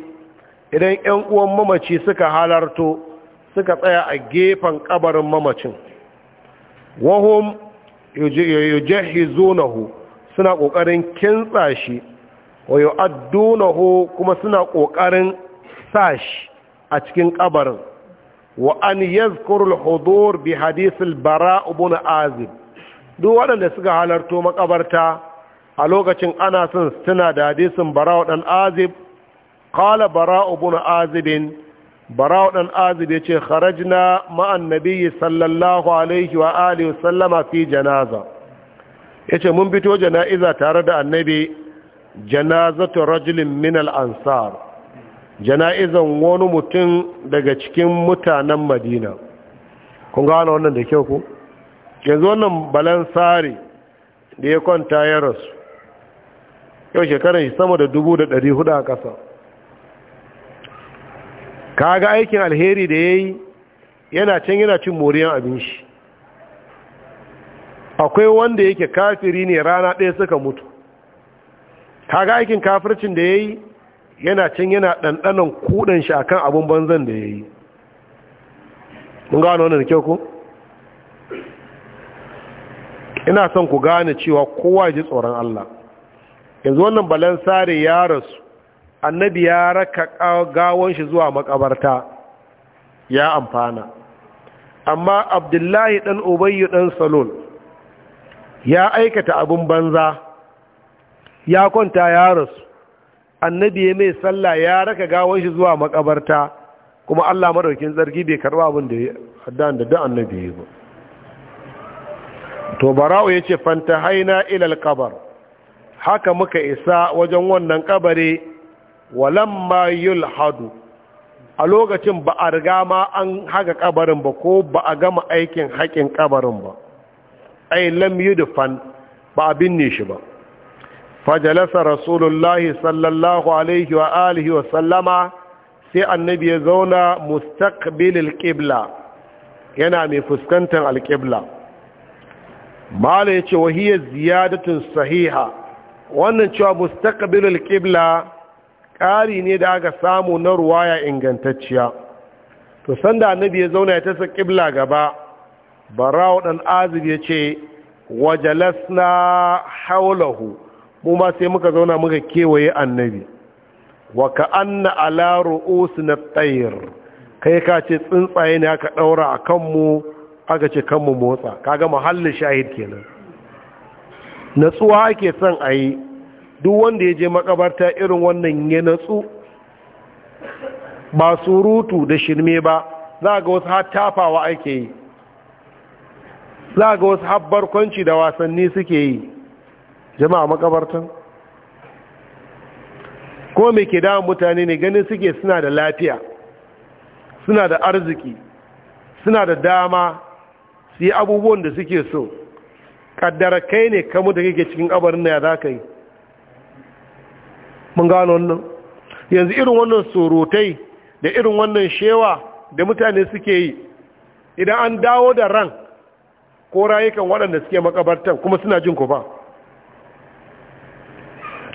idan yan uwan mamaci suka halarto suka tsaya a gefen kabarin mamacin wahum yujahizunahu suna ƙoƙarin kintsa shi wa yu'addunahu kuma suna ƙoƙarin sashi a cikin kabarin wa an yazkurul hudur bi hadisul bara ibn azib duk waɗanda suka halarto makabarta a lokacin ana son suna da hadisin bara dan azib qala bara ibn azib bara dan azib yace kharajna ma'an nabiyyi sallallahu alaihi wa sallama fi janaza yace mun fito jana'iza tare da annabi janazatu rajulin min al ansar jana'izan wani mutum daga cikin mutanen madina kun gano wannan da kyau ku yanzu wannan balan tsari da ya kwanta ya rasu yau shekarar shi sama da dubu da ɗari hudu a ƙasa ka ga aikin alheri da ya yi yana can yana cin moriyan abin shi akwai wanda yake kafiri ne rana ɗaya suka mutu ka ga aikin kafircin da ya yi yana can yana ɗanɗanan kuɗin shi kan abin banzan da ya yi mun gano wannan da kyau ku ina son ku gane cewa kowa ji tsoron Allah yanzu wannan sare ya rasu annabi ya raka gawon shi zuwa makabarta ya amfana amma abdullahi ɗan ubayyu ɗan Salon ya aikata abin banza ya kwanta ya rasu annabi ya mai sallah ya raka gawon shi zuwa makabarta kuma Allah madaukin zargi bai karba abin da haddan da da annabi ya ba to bara'u yace fanta haina ila alqabar haka muka isa wajen wannan kabare walamma yulhadu a lokacin ba a riga ma an haga kabarin ba ko ba a gama aikin haƙin kabarin ba ai lam yudfan ba a binne shi ba fajalasa rasulullahi sallallahu alaihi wa alihi wa sallama sai annabi ya zauna mustaqbilil qibla yana mai fuskantar alqibla mala yace wahiya ziyadatun sahiha wannan cewa mustaqbilil ƙibla ƙari ne da aka samu na ruwaya ingantacciya to sanda annabi ya zauna ya tasa ƙibla gaba barawo dan azib yace wajalasna haulahu. mu ma sai muka zauna muka kewaye annabi wa ka anna ala na tayr kai ka ce tsuntsaye ne aka ɗaura a kanmu aka ce kanmu motsa kaga muhallin shahid kenan natsuwa ake son a yi duk wanda ya je makabarta irin wannan ya natsu ba surutu da shirme ba za ga wasu tafawa ake yi za ga wasu habbar kwanci da wasanni suke yi jama'a makabartan ko me ke damun mutane ne ganin suke suna da lafiya suna da arziki suna da dama su yi abubuwan da suke so kaddara kai ne kamar da kake cikin abarin na ya za ka yi mun gano wannan yanzu irin wannan surutai da irin wannan shewa da mutane suke yi idan an dawo da ran ko rayukan waɗanda suke makabartan kuma suna jin ku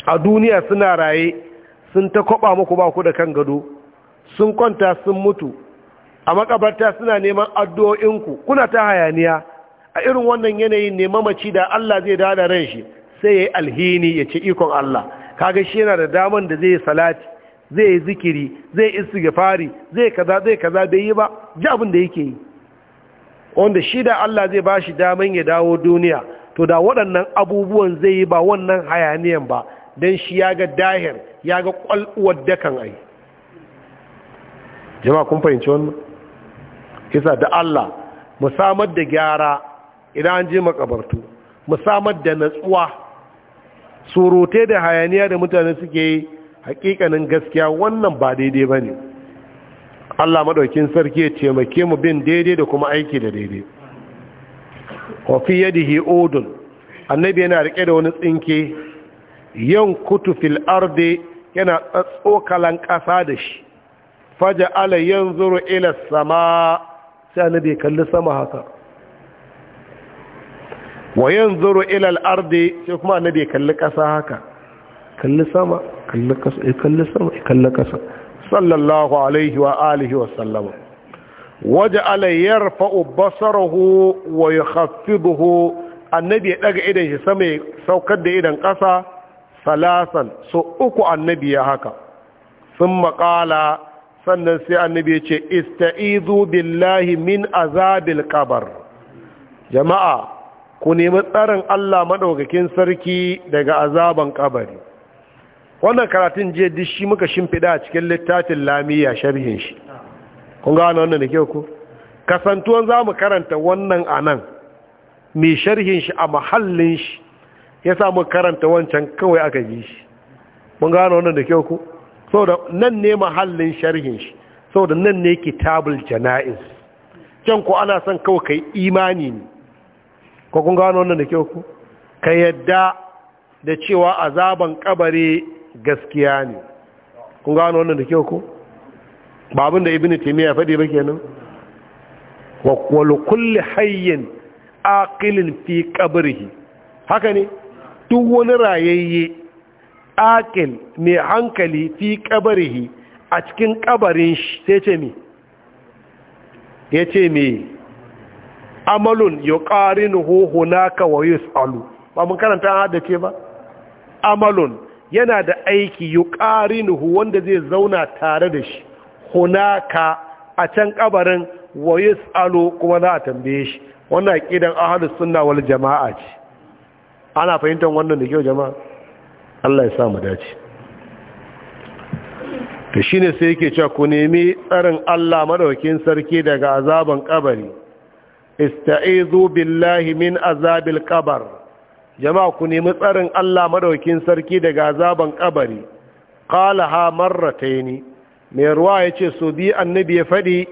a duniya suna raye sun ta kwaba muku ba ku da kan gado sun kwanta sun mutu a makabarta suna neman addu'o'inku kuna ta hayaniya a irin wannan yanayin ne mamaci da Allah zai dada ran shi sai ya yi alhini ya ce ikon Allah kaga shi yana da daman da zai salati zai yi zikiri zai yi istighfari zai kaza zai kaza bai yi ba ji abin da yake yi wanda shi da Allah zai ba shi daman ya dawo duniya to da waɗannan abubuwan zai yi ba wannan hayaniyan ba don shi ya ga dahir ya ga kwalwar dakan ai jama'a kun fahimci wannan kisa da Allah mu da gyara idan an je makabartu mu da natsuwa surute da hayaniya da mutane suke yi hakikanin gaskiya wannan ba daidai ba ne Allah maɗaukin sarki ya taimake mu bin daidai da kuma aiki da daidai Kofi yadda hi odun annabi yana rike da wani tsinke yan kutu fil arde yana tsokalan ƙasa da shi faja ala yan zuru ila sama sai na bai kalli sama haka wa yan zuru ilal arde, sai kuma na bai kalli ƙasa haka kalli sama kalli ƙasa kalli sama kalli ƙasa sallallahu alaihi wa alihi wa sallama waje ala yarfa'u basarahu wa yukhaffiduhu annabi ya daga idan shi sama ya saukar da idan ƙasa salasan so uku annabi ya haka sun makala sannan sai annabi ya ce ista'izu billahi min azabil kabar jama'a ku nemi tsarin Allah maɗaukakin sarki daga azaban kabari wannan karatun je duk shi muka shimfiɗa a cikin littafin lamiya sharhin shi kun gano wannan da kyau ku kasantuwan za mu karanta wannan anan mai sharhin shi a mahallin shi ya samu karanta wancan kawai aka ji shi mun gano wannan da kyau ku saboda nan ne mahallin sharhin shi saboda nan ne kitabul jana'iz can ku ana son kawai kai imani ne ko kun gano wannan da kyau ku ka yadda da cewa azaban kabare gaskiya ne kun gano wannan da kyau ku ba abin da ibnu taymiya faɗi ba kenan wa kulli hayyin aqilin fi qabrihi haka ne duk wani rayayye akil mai hankali fi kabarihi a cikin kabarin shi sai ce mi ya ce mi amalun ya ƙarin hunaka wa tsalu ba mun karanta ce ba amalun yana da aiki ya nuhu wanda zai zauna tare da shi hunaka a can kabarin wa yus'alu kuma za a tambaye shi wannan ƙidan ahlus sunna wal jama'a ce ana fahimtar wannan da kyau jama'a Allah ya sa mu dace to shine sai yake cewa ku nemi tsarin Allah madaukakin sarki daga azaban kabari ista'izu billahi min azabil ƙabar. jama'a ku nemi tsarin Allah madaukakin sarki daga azaban kabari ha marrataini mai ruwa yace so bi annabi ya fadi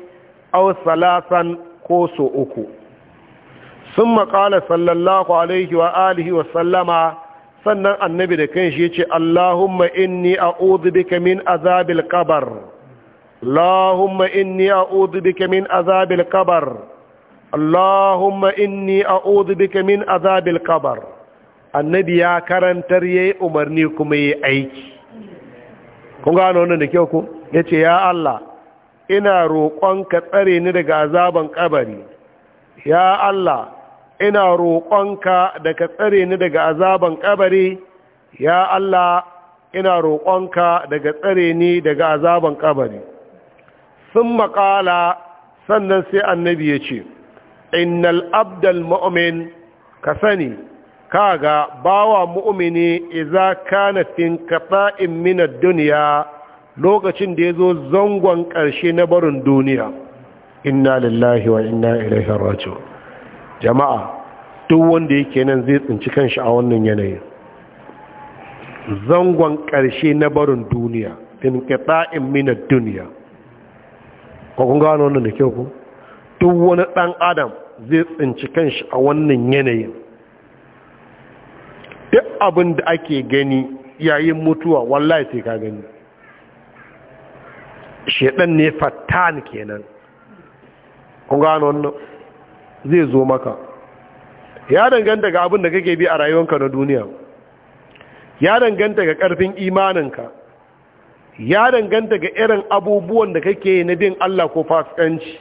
aw salasan ko so uku sun maƙala sallallahu alaihi wa alihi wa sallama sannan annabi da kan shi ce allahumma inni a'udhu bika min azabil kabar allahumma inni a'udhu bika min azabil kabar allahumma inni a'udhu bika min azabil kabar annabi ya karantar yayi umarni kuma yayi aiki kun gano wannan da kyau ku yace ya Allah ina roƙon ka tsare ni daga azaban kabari ya Allah ina roƙonka da ka tsare ni daga azaban kabari ya Allah ina roƙonka daga tsare ni daga azaban kabari sun maƙala sannan sai annabi ya ce innal abdal mu'min ka sani kaga bawa mu'mini iza kana kafa'in min ad-dunya lokacin da yazo zangon ƙarshe na barin duniya inna lillahi wa inna ilaihi raji'un jama'a duk wanda yake nan zai tsinci kanshi a wannan yanayin zangon ƙarshe na barin duniya in ƙita'in minar duniya kun gano wannan da kyau ku duk wani ɗan adam zai tsinci kanshi a wannan yanayin duk abin da ake gani yayin mutuwa wallahi sai ka gani shedan ne fatan kenan kun gano wannan zai zo maka ya danganta ga abin da kake bi a rayuwanka na duniya ya danganta ga karfin imaninka ya danganta ga irin abubuwan da kake na bin Allah ko fasikanci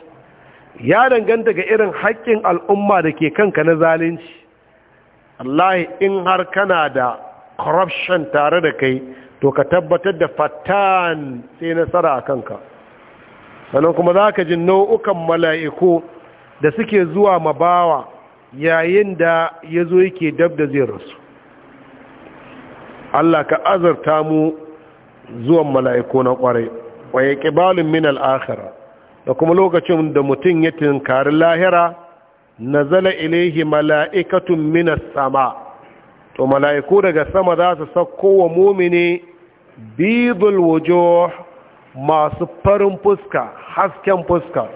ya danganta ga irin haƙƙin al'umma da ke kanka na zalunci Allah in har kana da corruption tare da kai to ka tabbatar da fatan sai nasara a kanka sannan kuma za ka jin nau'ukan mala'iku da suke zuwa mabawa yayin da ya zo yake dab da zai rasu Allah ka azarta mu zuwan mala'iku na ƙwarai wa ya ƙibalin min al'akhira da kuma lokacin da mutum ya tinkari lahira na zala ilaihi mala'ikatun min sama to mala'iku daga sama za su sauko wa mumini bibul wujo masu farin fuska hasken fuska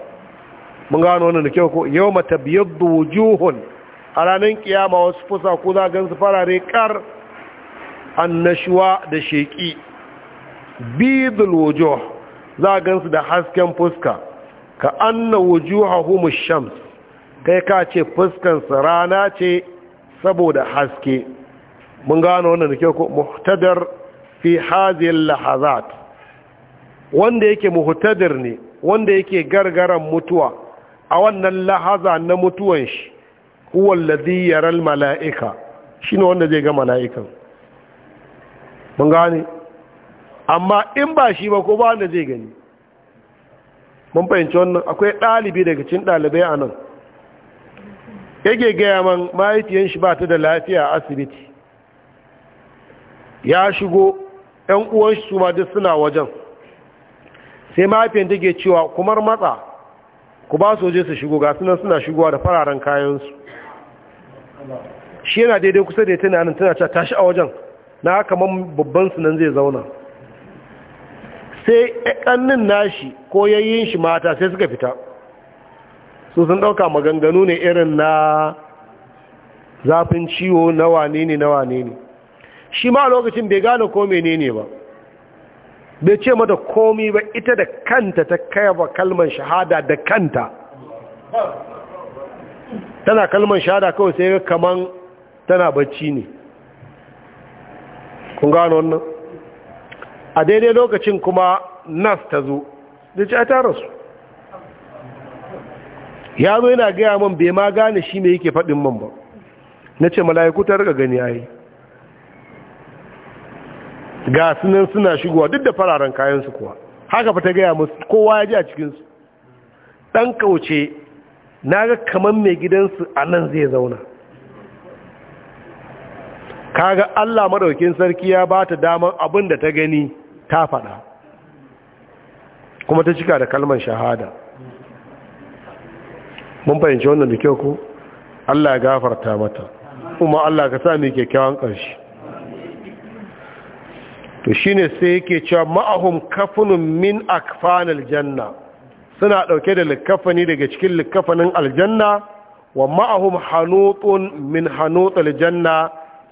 mun gano wannan da kyau ko yau mata biyaddu wujuhun a ranar kiyama wasu fusa ko za gan su farare kar annashuwa da sheki bidul wujuh za gan su da hasken fuska ka anna humu shams kai ka ce fuskan su rana ce saboda haske mun gano wannan da kyau ko muhtadar fi hazil lahazat wanda yake muhtadir ne wanda yake gargaran mutuwa a wannan lahaza na mutuwan shi huwa alladhi mala'ika mala'ika ne wanda zai ga mala'ikan mun gane amma in ba shi ba ko ba wanda zai gani mun fahimci wannan akwai ɗalibi daga cin ɗalibai a nan yake gaya man mahaifiyan shi ba ta da lafiya a asibiti ya shigo 'yan uwan shi su ma duk suna wajen sai mahaifiyan take cewa kumar matsa ku ba su waje su shigo ga sunan suna shigowa da fararen kayansu shi yana daidai kusa da ya tana nan tana tashi a wajen na kamar babban sunan zai zauna sai ƙannin nashi ko yayin shi mata sai suka fita su sun ɗauka maganganu ne irin na zafin ciwo na wane ne na wane ne shi ma lokacin bai gane ko menene ba bai ce mata komi ba ita da kanta ta kaiwa kalmar shahada da kanta tana kalmar shahada kawai sai kaman tana bacci ne kun gano wannan a daidai lokacin kuma nas ta zo da ci a tara su ya zo yana gaya min bai ma gane shi mai yake faɗin man ba na ce mala'iku ta rika gani ayi ga sunan suna shigowa duk da fararen kayansu kuwa haka fata gaya musu kowa ya ji a cikinsu ɗan kauce na ga kamar mai gidansu a nan zai zauna kaga allah maɗaukin sarki ya ba ta daman abin da ta gani ta faɗa kuma ta cika da kalmar shahada mun fahimci wannan da kyau ku allah ya gafarta mata kuma allah ka sa kyakkyawan ƙarshe to ne sai yake cewa ma'ahum kafunun min akfanil janna suna dauke da likafani daga cikin likafanin aljanna wa ma'ahum hannun min hanutil janna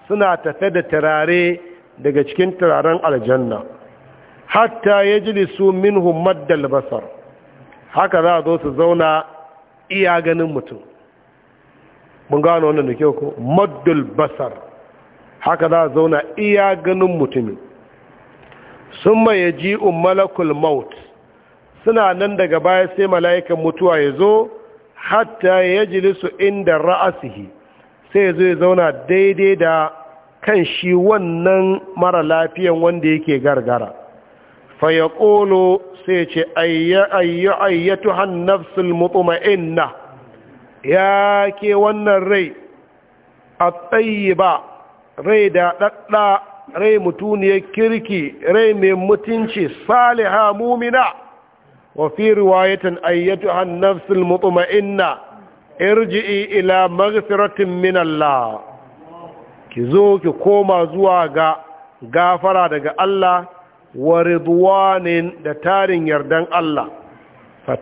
suna tafe da turare daga cikin turaren aljanna hatta ya min minhum maddal basar haka za a zo su zauna iya ganin mutum mun gano wannan da kyau ko maddul basar haka za a zauna iya ganin mutumin sun maye ji malakul maut suna nan daga baya sai mala'ikan mutuwa ya zo hatta ya jilisu inda ra'asihi sai ya zo ya zauna daidai da kan shi wannan mara lafiyan wanda yake gargara faya ƙolo sai ce ayyatu hannafsul inna ya ke wannan rai a tsayi ba rai da ɗaɗɗa rai mutuniyar kirki rai mai mutunci saliha mumina wa fi riwayatin ayyatu nafsul mutma'inna irji'i ila maghfiratin min Allah ki zo ki koma zuwa ga gafara daga Allah wa ridwanin da tarin yardan Allah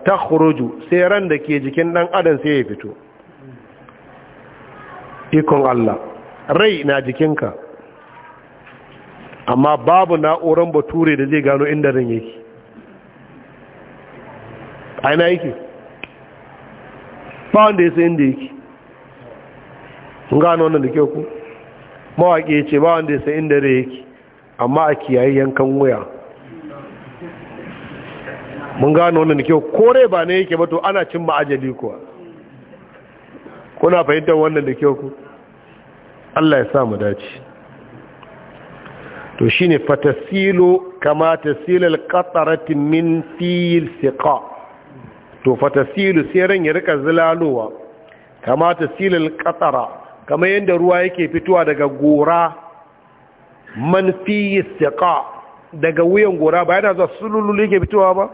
takhruju sai ran da ke jikin dan adam sai ya fito ikon Allah rai na jikinka amma babu na'uran bature da zai gano inda ran yake aina yake ba wanda ya sai inda yake gano wannan da kyau ku mawaƙi ya ce ba wanda ya sai inda rai yake amma a kiyaye yankan wuya mun gano wannan da kyau kore ba ne yake bato ana cin ma'ajali kuwa kuna fahimtar wannan da kyau ku Allah ya sa mu dace to shine fatasilu kama tasilal qatarati min fil siqa to fatasilu sai ran ya rika zilalowa kama tasilal qatara kama yanda ruwa yake fitowa daga gora man fil siqa daga wuyan gora ba yana zuwa sululu yake fitowa ba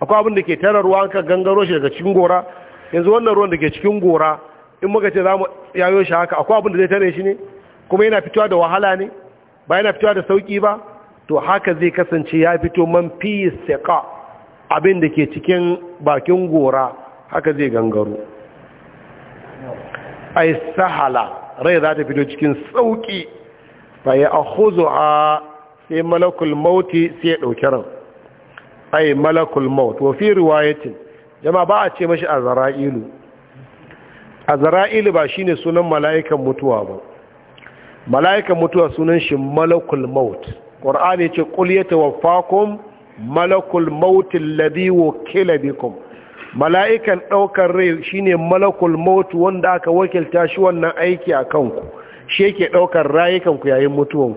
akwai abin da ke tara ruwa ka gangaro shi daga cikin gora yanzu wannan ruwan da ke cikin gora in muka ce za mu yayo shi haka akwai abin da zai tare shi ne kuma yana fitowa da wahala ne ba fitowa da sauki ba to haka zai kasance ya fito man fi seka abin da ke cikin bakin gora haka zai gangaro ai sahala rai za ta fito cikin sauki fa ya a sai malakul mauti sai ya dauki ran ai malakul mauti wa fi riwayatin jama ba a ce mashi a A azra'ilu ba shine sunan mala'ikan mutuwa ba mala'ikan mutuwa sunan shi malakul maut ƙwar'an ya ce ƙulyata wa fakon malakul mautin labiwo kilabikun mala'ikan ɗaukar rai shine malakul maut wanda aka wakilta shi wannan aiki a kanku shi yake ɗaukar rayukanku yayin mutuwan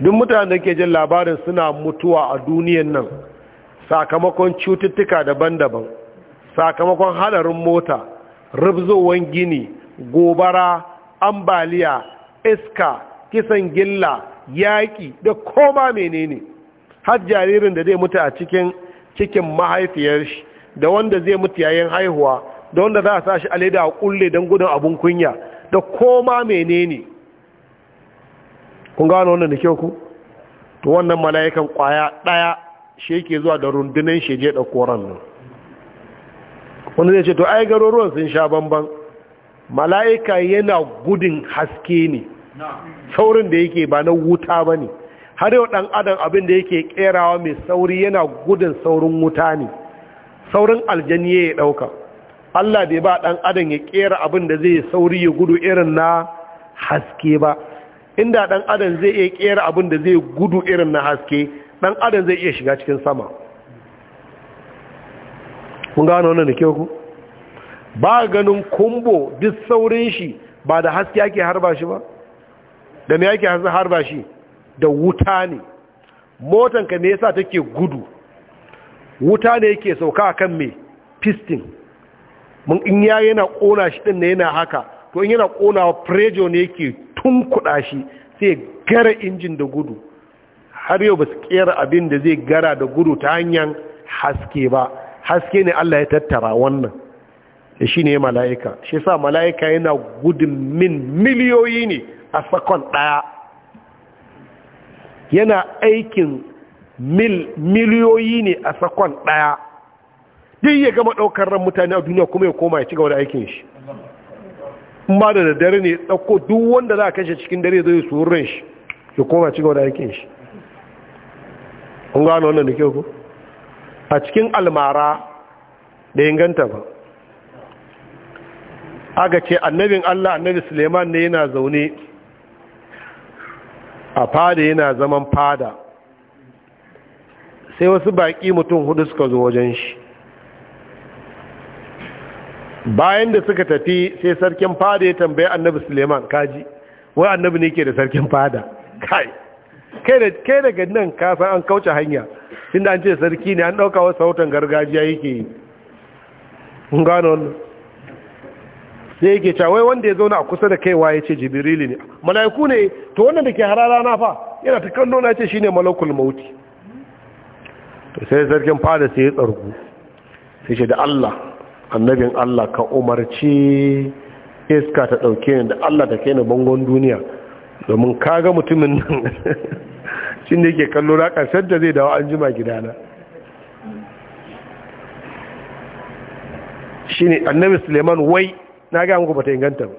duk mutanen da ke jin labarin suna mutuwa a duniyan nan sakamakon cututtuka daban-daban sakamakon hadarin mota rubzowan gini gobara ambaliya iska kisan gilla yaƙi da koma menene har jaririn da zai mutu a cikin cikin mahaifiyar shi da wanda zai mutu yayin haihuwa da wanda za a sa shi a a kulle don gudun abun kunya da koma menene kun gano wannan da kyau ku to wannan mala'ikan kwaya ɗaya shi yake zuwa da rundunan sheje da koran nan wanda zai ce to ai garuruwan sun sha bambam mala'ika yana gudun haske ne saurin da yake ba na wuta ba ne har yau ɗan adam abin da yake ƙerawa mai sauri yana gudun saurin wuta ne saurin aljani ya ɗauka allah bai ba ɗan adam ya ƙera abin da zai sauri ya gudu irin na haske ba inda ɗan adam zai iya ƙera abin da zai gudu irin na haske ɗan adam zai iya shiga cikin sama mun gano wannan da kyau ku ba ganin kumbo duk saurin shi ba da haske ake harba shi ba da me ake harba shi da wuta ne motanka me yasa take gudu wuta ne yake sauka a kan me piston mun in ya yana kona shi din ne yana haka to in yana kona prejo ne yake kuda shi sai gara injin da gudu har yau ba su kera abin da zai gara da gudu ta hanyar haske ba haske ne Allah ya tattara wannan da shi ne mala'ika shi sa mala'ika yana gudun min miliyoyi ne a sakon ɗaya yana aikin mil miliyoyi ne a sakon ɗaya duk ya gama ɗaukar ran mutane a duniya kuma ya koma ya ci gaba da aikin shi ma da dare ne ɗauko duk wanda za a kashe cikin dare zai su wurin shi ya koma ci gaba da aikin shi an gano wannan da kyau ku a cikin almara da inganta ba aga ce annabin Allah annabi Suleiman ne yana zaune a fada yana zaman fada sai wasu baƙi mutum hudu suka zo wajen shi bayan da suka tafi sai sarkin fada ya tambaye annabi Suleiman kaji wai annabi ne ke da sarkin fada kai kai daga nan kasan an kauce hanya tunda an ce sarki ne an ɗauka wasu sautan gargajiya yake yi gano sai yake cewa wai wanda ya zauna a kusa da kaiwa ya ce jibril ne mala'iku ne to wannan da ke harara na fa yana ta kallo na ce shine malakul mauti sai sarkin fada sai ya tsargu sai ce da Allah annabin Allah ka umarci iska ta ɗauke ni da Allah ta kai bangon duniya domin ka ga mutumin nan shin da yake kallo na karshen da zai dawo an jima gidana shine annabi Suleiman wai na ga muku bata inganta ba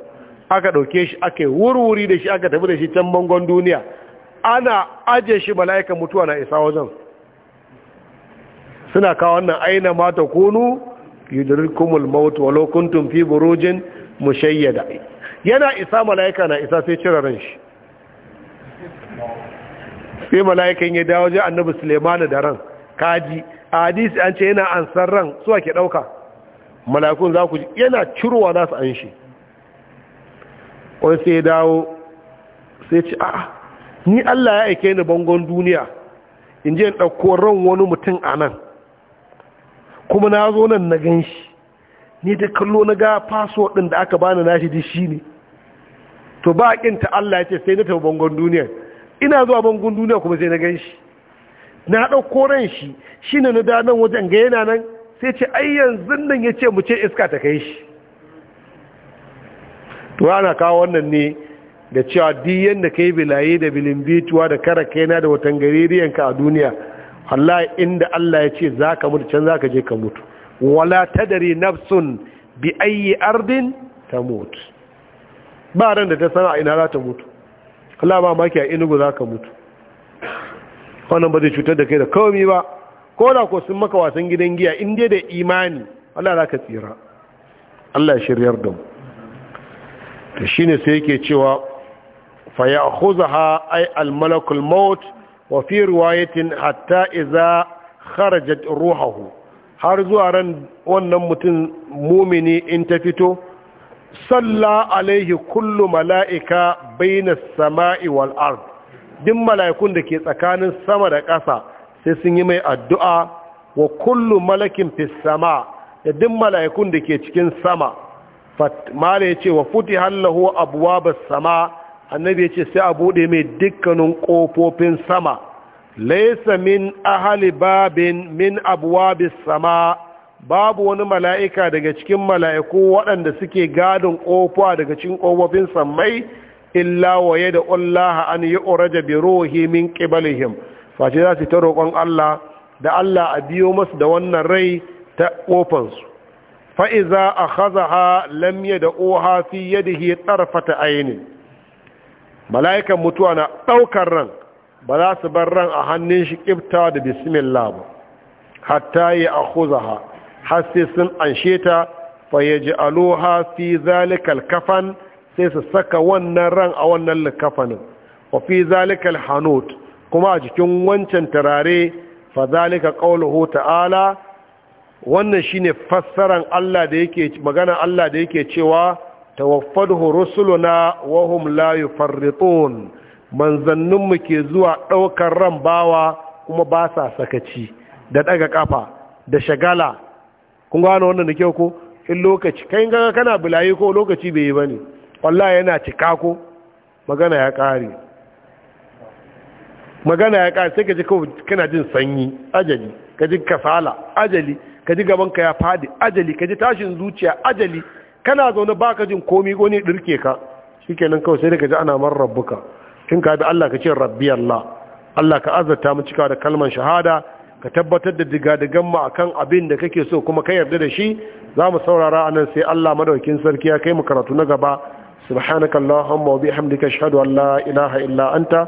aka ɗauke shi aka wurwuri da shi aka tafi da shi can bangon duniya ana aje shi mala'ikan mutuwa na isa wajen suna kawo wannan aina ma ta kunu yudrikumul maut walau kuntum fi burujin mushayyada yana isa mala'ika na isa sai cire ran shi sai mala'ikan ya dawo je annabi Suleiman da ran kaji hadisi an ce yana ansar ran suwa ake ɗauka. malakun za ku yana cirowa za su an shi wani sai dawo sai ci a ni allah ya aike ni bangon duniya in je in ɗauko ran wani mutum a nan kuma na zo nan na gan shi ni da kallo na ga faso ɗin da aka bani na shi shi ne to ba ƙinta allah ya ce sai na tafi bangon duniya ina zuwa bangon duniya kuma sai na gan shi na ɗauko ran shi shi ne na nan wajen ga yana nan sai ce ai yanzu nan ya ce mu iska ta kai shi to ana kawo wannan ne da cewa duk da ka yi bilaye da bilimbituwa da kara kaina da watan gaririyanka a duniya Allah inda Allah ya ce za ka mutu can za ka je ka mutu wala tadari nafsun bi ayi ardin ta mutu ba ran da ta sana a ina za ta mutu Allah ba maki a inugu za ka mutu wannan ba zai cutar da kai da kawami ba ko da ko sun maka wasan gidan giya in da imani Allah za ka tsira Allah shiryar da mu shi ne sai yake cewa fa ya'khuzaha ha ai almalakul maut wa fi riwayatin hatta iza kharajat ruhahu har zuwa ran wannan mutum mumini in ta fito salla alaihi kullu mala'ika baina as-sama'i wal ard din mala'ikun da ke tsakanin sama da ƙasa sai sun yi mai addu'a wa kullum malakin fissama da duk mala'ikun da ke cikin sama mala ya ce wa futi hallahu abuwa sama annabi ya ce sai a buɗe mai dukkanin ƙofofin sama laisa min ahali babin min abuwa sama babu wani mala'ika daga cikin mala'iku waɗanda suke gadin ƙofa daga cikin ƙofofin sammai illa waye da ƙullaha an yi uraja bi rohi min ƙibalihim face za su ta roƙon Allah da Allah a biyo masu da wannan rai ta ƙofansu fa'iza a hazaha lamye da oha fi yadda ya tsarfata ainihin mala'ikan mutuwa na ɗaukar ran ba za su bar ran a hannun shi ƙifta da bismillah ba hatta yi a huzaha har sai sun anshe ta fayyaji aloha fi zalikal kafan sai su saka wannan ran a wannan likafanin wa fi zalikal hanot kuma a cikin wancan turare fazalika qauluhu ta'ala wannan shine fassaran Allah da yake magana Allah da yake cewa tawaffadhu rusuluna wa hum la yufarritun mu ke zuwa daukar ran bawa kuma ba sa sakaci da daga kafa da shagala kun gano wannan da kyau ko in lokaci kai ga kana bulayi ko lokaci bai yi bane wallahi yana cika ko magana ya kare magana ya ƙara sai ka ji kawai kana jin sanyi ajali ka ji kasala ajali ka ji gabanka ya fadi ajali ka ji tashin zuciya ajali kana zaune ba ka jin komi ko ne ɗirke ka shi nan kawai sai da ka ji ana man rabbuka tun ka bi Allah ka ce rabbi Allah Allah ka azarta mu cika da kalman shahada ka tabbatar da diga digadigan mu akan abin da kake so kuma ka yarda da shi za mu saurara nan sai Allah madaukin sarki ya kai mu karatu na gaba subhanakallahumma wa bihamdika ashhadu an la ilaha illa anta